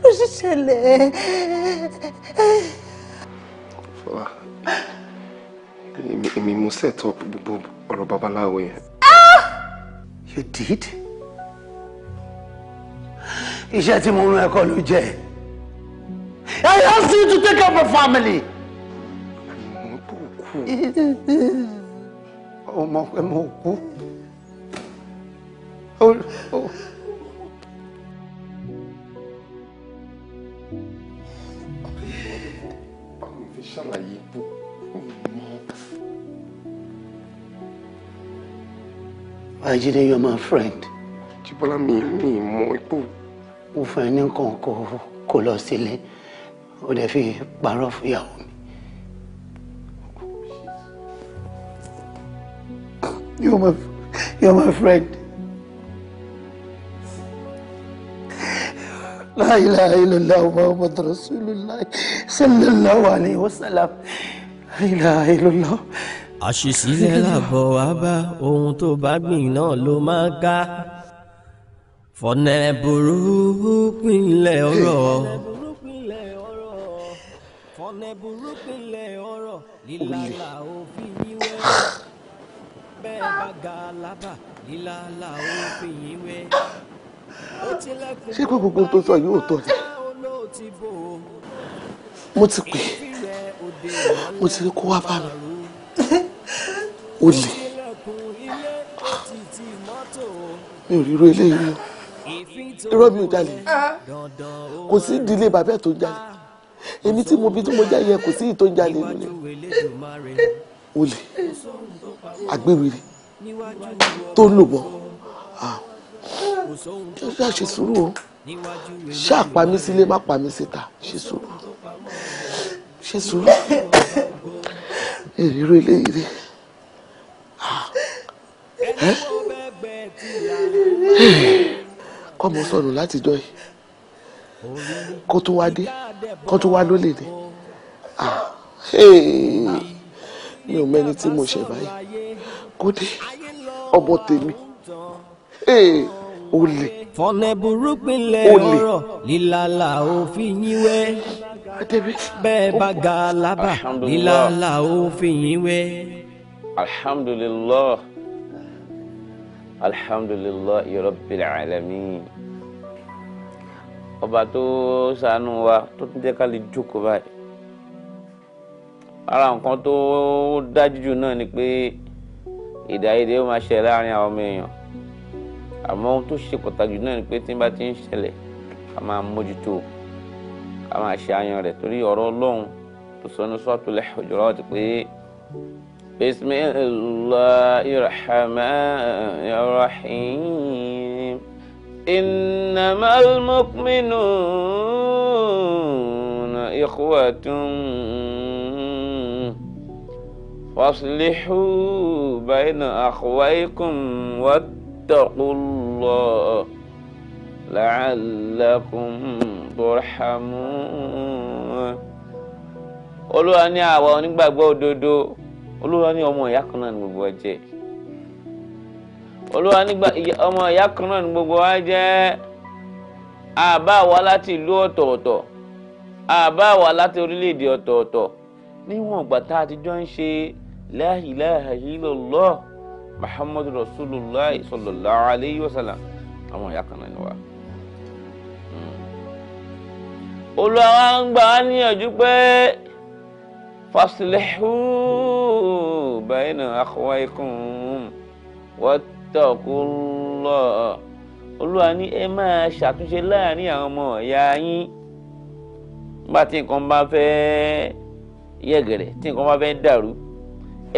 ló Fọlá, èmi mo set gbogbo ọ̀rọ̀ babaláwo yẹn. Ah! You did? Iṣẹ́ tí mo rán ẹ̀kọ́ ló jẹ́. I asked you to take care of my family. Mo kò kú. Ọmọ kú. ṣàlàyé bó mọ́. Ajide you're my friend. Jíbọ́lá mi mi mọ ipò. Mo fẹ́ ní nǹkan kó kó lọ sílé, ó dẹ̀ fi parọ́ fún mi. You're my, you're my friend. la ilaha illallah muhammad rasulullah sallallahu alayhi wa sallam la ilaha illallah. àṣìṣílẹ̀ làbọ̀ wá bá ohun tó bá gbìn náà ló máa ká fọ̀nà ẹ̀bùrú pinlẹ̀ ọ̀rọ̀ fọ̀nà ẹ̀bùrú pinlẹ̀ ọ̀rọ̀ lílàlà òfin ṣé pé gbogbo tó sọ yóò tọ́ ni mo ti pè mo ti kó wá bá mi ó lè mi ò ríro eléyìí o irọ́ mi ò jalè kò sí ìdílé bàbá ẹ̀ tó ń jalè èmi tí mo bí tí mo já yẹ kò sí ìtò ń jalè nílẹ̀ olè agbéwèrè tó ń lò bọ́. Yorùbá ṣe sùúrù o ṣáà pa mí sílé má pa mí síta ṣe sùúrù ṣe sùúrù èrírò eléyìí rí kọ́ mo sọnù látijọ́ yìí kó tó wá dé kó tó wá lólè dé mi ò mẹ́ni tí mo ṣẹ̀ báyìí kó dé ọmọ tèmi. Hey olè. fọ̀nà burúkú lẹ ọ̀rọ̀ lílàlà òfin yín wẹ́. bẹ́ẹ̀ bá ga alábà lílàlà òfin yín wẹ́. alhamdulilah alhamdulilah rabbil alamin ọba tó ṣàánú wa tó tún jẹ́ ká lè jókòó báyìí ara nǹkan tó dájú jù náà ni pé èdè máa ṣe láàrin àwọn ọmọ èèyàn àmọ́ ohun tó ṣe pàtàkì náà ni pé tí bá ti ń ṣẹlẹ̀ ká máa mójútó ká máa ṣe àyàn rẹ̀ torí ọ̀rọ̀ ọlọ́run tó sọ ní Suratul Hujurat ti pé bismillahi rahmani rahim innamal mu'minuna ikhwatun فاصلحوا بين أخويكم واتقوا الله الله la'allakum turhamun olúwa ní àwa onígbàgbọ́ òdodo olúwa ní ọmọ ìyá kan náà ní gbogbo wa jẹ́ olúwa ní ọmọ ìyá kan náà ní gbogbo wa jẹ́ àbá wa láti ìlú ọ̀tọ̀ọ̀tọ̀ àbá wa láti orílẹ̀-èdè ọ̀tọ̀ọ̀tọ̀ níwọ̀n ìgbà tá a ti jọ ń ṣe la ilaha illallah muhammadu rasulillah sallallahu alayhi wa sallam àwọn ìyá kan náà ni hmm. wa. olùwàwà ń gbà á níyànjú pé fasilihu bayna akhwaykum wattaqullah olúwa ní ẹ máa ṣàtúnṣe láàrin àwọn ọmọ ìyá yín bá tí nǹkan bá fẹ́ yẹ̀gẹ̀rẹ̀ tí nǹkan bá fẹ́ dàrú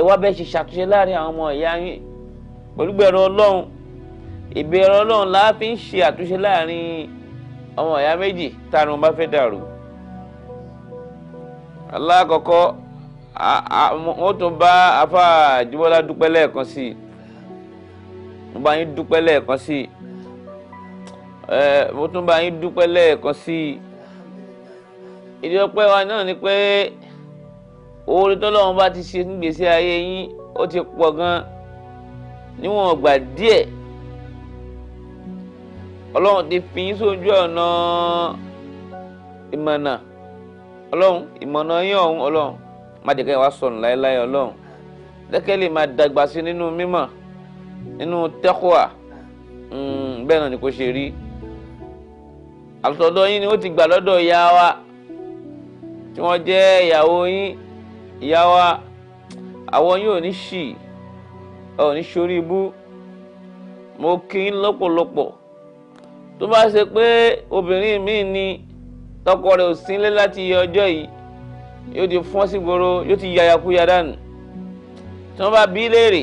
ẹ wá bẹ́ẹ̀ ṣe ṣàtúnṣe láàrin àwọn ọmọ ìyá yín pẹ̀lú bẹ̀rù ọlọ́run ìbẹ̀rù ọlọ́run la fi ń ṣe àtúnṣe láàrin ọmọ ìyá méjì táwọn bá fẹ́ dàrú alákọ̀ọ́kọ́ wọ́n tún bá afa àjíbọ́lá dúpẹ́ lẹ́ẹ̀kan sí i mo bá yín dúpẹ́ lẹ́ẹ̀kan sí i mo tún bá yín dúpẹ́ lẹ́ẹ̀kan sí i ìdí ọpẹ́ wa náà ni pé oore tọ́lọ́run bá ti ṣe nígbèsí ayé yín ó ti pọ̀ gan-an níwọ̀n ọgbà díẹ̀ ọlọ́run ti fi yín sójú ọ̀nà ìmọ̀nà ọlọ́run ìmọ̀nà yín ọ̀hún ọlọ́run má jẹ́ kẹ́yìn wá sọnù láéláé ọlọ́run lẹ́kẹ́ máa dàgbà sí nínú mímọ̀ nínú tẹ́kọ̀à hmm, bẹ́ẹ̀ náà ni kò ṣe rí àtọ̀dọ̀ yín ni ó ti gbà lọ́dọ̀ ìyá wa tí wọ́n jẹ́ ìyàwó yín ìyá wa àwọn yóò ní ṣì í ọ ní ibú mo kí n lọ́pọ̀lọpọ̀ tó bá ṣe pé obìnrin mi ni tọkọ rẹ̀ ò sínlé láti iye ọjọ́ yìí yóò ti fọ́n sí gbòòrò yóò ti yàyà kú yàrá nù tí wọ́n bá bí léèrè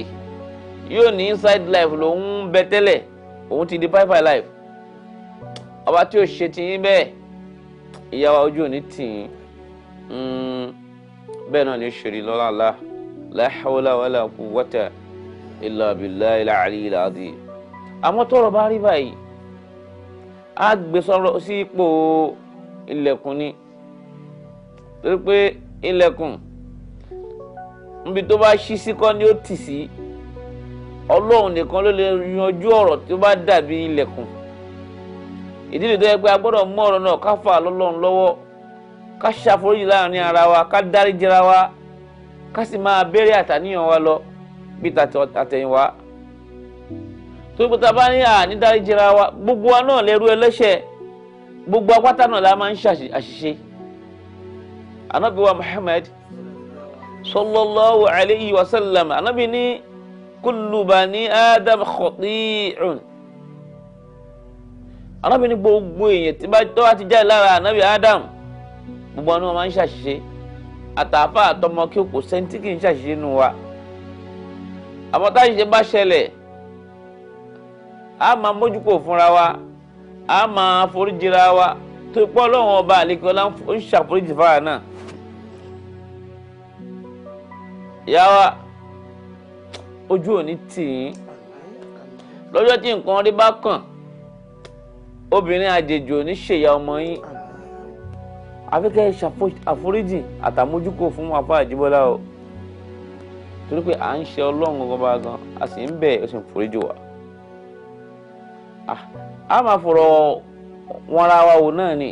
yóò ní inside life lòun ń bẹ tẹ́lẹ̀ òun ti di pipe life ọba tí ò ṣe ti yín bẹ́ẹ̀ ìyá wa ojú òní tì yín hmm, bẹ́ẹ̀ náà ní ṣèrí lọ́la la la hawla wala quwwata illa billahi al-aliyyil azim àmọ́ tọ́rọ̀ bá rí báyìí á gbé sọ̀rọ̀ sí ipò ilẹ̀kùn ni torí pé ilẹ̀kùn níbi tó bá ṣí sí kọ́ ni ó tì sí ọlọ́run nìkan ló lè yanjú ọ̀rọ̀ tó bá dàbí ilẹ̀kùn ìdílé tó yẹ pé a gbọ́dọ̀ mú ọ̀rọ̀ náà ká fà lọ́lọ́run lọ́wọ́ ká ṣàforíjì láàrin ara wa ká dáríjì ara wa ká sì máa béèrè àtàníyàn wa lọ bí tàtẹ̀yìnwá tó gbé tá a bá ní ànídárí jẹra wa gbogbo wa náà lẹ́rú ẹlẹ́ṣẹ̀ gbogbo apáta náà la máa ń ṣe àṣìṣe anabi wa Muhammad sallallahu alayhi wa sallam anabi ní kullu bani adam khati'un anabi ní gbogbo èèyàn tí bá tọ́ àti jáde lára anabi adam gbogbo wa náà máa ń ṣàṣìṣe àtàfà àtọmọ kí o kò sẹ́ńtì kì í ṣàṣìṣe nù wa àmọ́ táṣìṣe bá ṣẹlẹ̀ a máa mójúkò fúnra wa a máa foríjìra wa tó pọ́ lọ́wọ́n ọba àlekọ́lá ń ṣàforíjì fára náà. ìyá wa ojú ò ní tì í lọ́jọ́ tí nǹkan rí bá kàn obìnrin àjèjì ò ní ṣèyà ọmọ yín afẹ́kẹ́ ṣàforíjì àtàmójúkò fún apá àjíbọ́lá o torí pé à ń ṣe ọlọ́run gan bá gan a sì ń bẹ̀ ó sì ń foríjì wá. Ah, a máa fọ̀rọ̀ wọn ra wa wò náà ni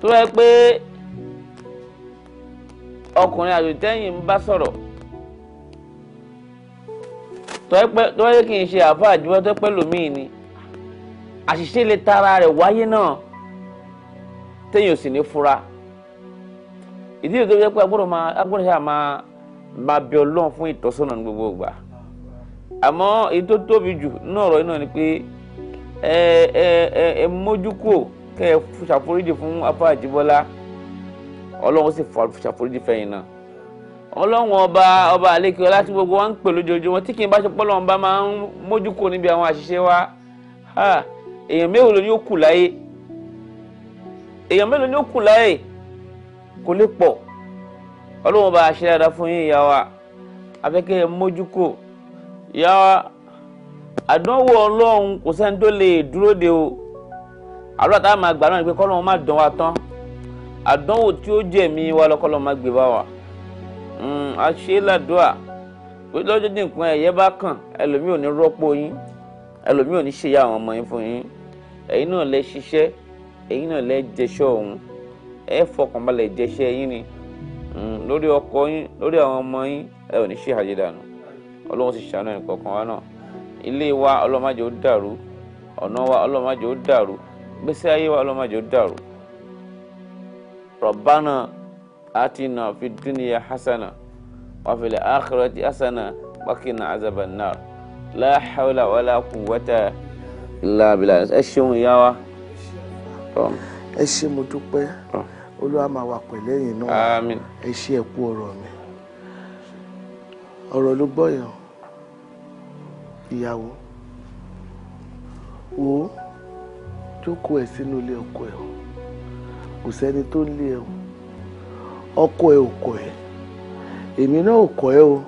tó rẹ pé ọkùnrin àjòtẹ́yìn ń bá sọ̀rọ̀ tó rẹ kí n ṣe àfa àjùbọ́ tó pẹ́ lòmíì ni àṣìṣe lè tara rẹ̀ wáyé náà téèyàn ò sì ní fura ìdí ìdókòwò pé agbọ́dọ̀ máa agbọ́dọ̀ ṣáà máa máa bẹ ọlọ́run fún ìtọ́sọ́nà ní gbogbo ìgbà àmọ́ èyí tó tóbi jù nínú ọ̀rọ̀ yìí náà ni pé ẹ ẹ ẹ ẹ mójúkò kẹ ẹ ṣàforíjì fún afa àjíbọ́lá ọlọ́run sì ṣàforíjì fẹ́yìn náà ọlọ́run ọba ọba àlékè ọlá tí gbogbo wa ń pè lójoojúmọ́ tí kì í bá ṣe pọ́ lọ́run bá máa ń mójúkò níbi àwọn àṣìṣe wa èèyàn mélòó ni ó kù láyé èèyàn mélòó ni ó kù láyé kò lè pọ̀ ọlọ́run bá a ṣe dáadáa fún yín ìyá wa afẹ́kẹ́ mójúkò ìyá wa àdánwò ọlọ́run kò sẹ́ni tó lè dúró de o àlọ́ àtàwọn máa gbà náà ni pé kọ́lọ́run má dán wa tán àdánwò tí ó jẹ́ mi wa lọ́kọ́lọ́run má gbé bá wa hmm, a ṣe ládùúà pé lọ́jọ́ dín nǹkan ẹ̀yẹ bá kàn ẹlòmíì ò ní rọ́pò yín ẹlòmíì ò ní ṣe ya àwọn ọmọ yín fún yín ẹ̀yin náà lẹ ṣiṣẹ́ ẹ̀yin náà lẹ jẹṣọ́ òun ẹ fọkànbalẹ̀ jẹṣẹ́ yín ni lórí ọkọ yín lórí àwọn ọmọ yín ẹ ò ní ṣe àyè dànù ọlọ́run sì ṣàánú ẹnì kọ̀ọ̀kan wa náà ilé wa ọlọ́run má jẹ́ ó dàrú ọ̀nà wa ọlọ́run má jẹ́ ó dàrú gbèsè ayé wa ọlọ́run má jẹ́ ó dàrú. rọ̀bánà atina fi dúnìyà hasana wà fil akhirati hasana wàkìnà azaban nar la hawla wala ẹ ṣeun ìyá wa. ẹ ṣe mo dúpẹ́. olúwa máa wà pẹ̀lẹ́ yìí náà àmín ẹ ṣe ọ̀rọ̀ mi ọ̀rọ̀ ló gbọ́ yàn ìyàwó wo jókòó ẹ̀ sínú ilé ẹ̀ o kò sẹ́ni tó ń lé ẹ o ọkọ ẹ ò èmi náà ò o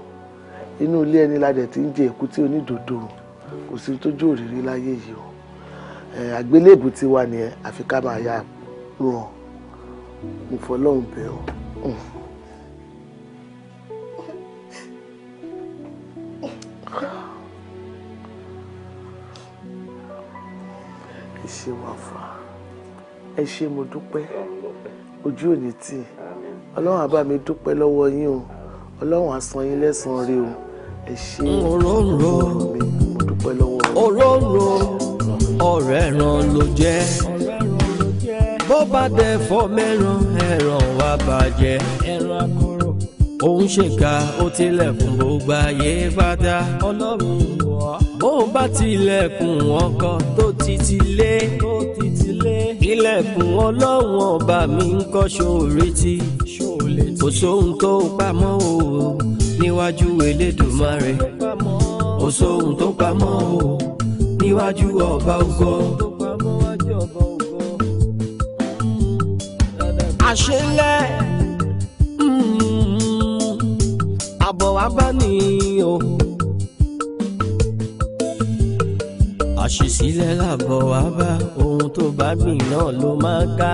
inú ilé ẹni la dẹ̀ ti ń jẹ o kò sí láyé yìí o àgbélébù nìyẹn àfi ká ya mo fọlọ́run bẹ̀ ọ́. ẹ ṣe wọn fà ẹ ṣe mo dúpẹ́ ojú òní tì ọlọ́run àbá mi dúpẹ́ lọ́wọ́ yín o ọlọ́run á yín lẹ́sàn-án rí o ẹ ṣe òróró mi mo dúpẹ́ lọ́wọ́ yín. òróró ọ̀rẹ́ ràn ló jẹ́ bó bá dẹ̀ fọ́ mẹ́ràn ẹ̀ràn wá bàjẹ́ ẹ̀ràn akóró. òun ṣèkà ó tilẹ̀kùn gbogbo ayé bàtà ọlọ́run wọ̀. bó bá tilẹ̀kùn ọkọ̀ tó títí lé tó títí lé. ilẹ̀kùn ọlọ́run ọba mi ń kọ́ ṣòrí tí kò sóhun tó pamọ́ o níwájú elédùnmarè kò sóhun tó pamọ́ o níwájú ọba ògo. àṣelẹ̀ mm-hmm. àbọ̀ wá bá ní o. àṣìṣílẹ̀ làbọ̀ wá bá ohun tó bá gbìn náà ló máa ká.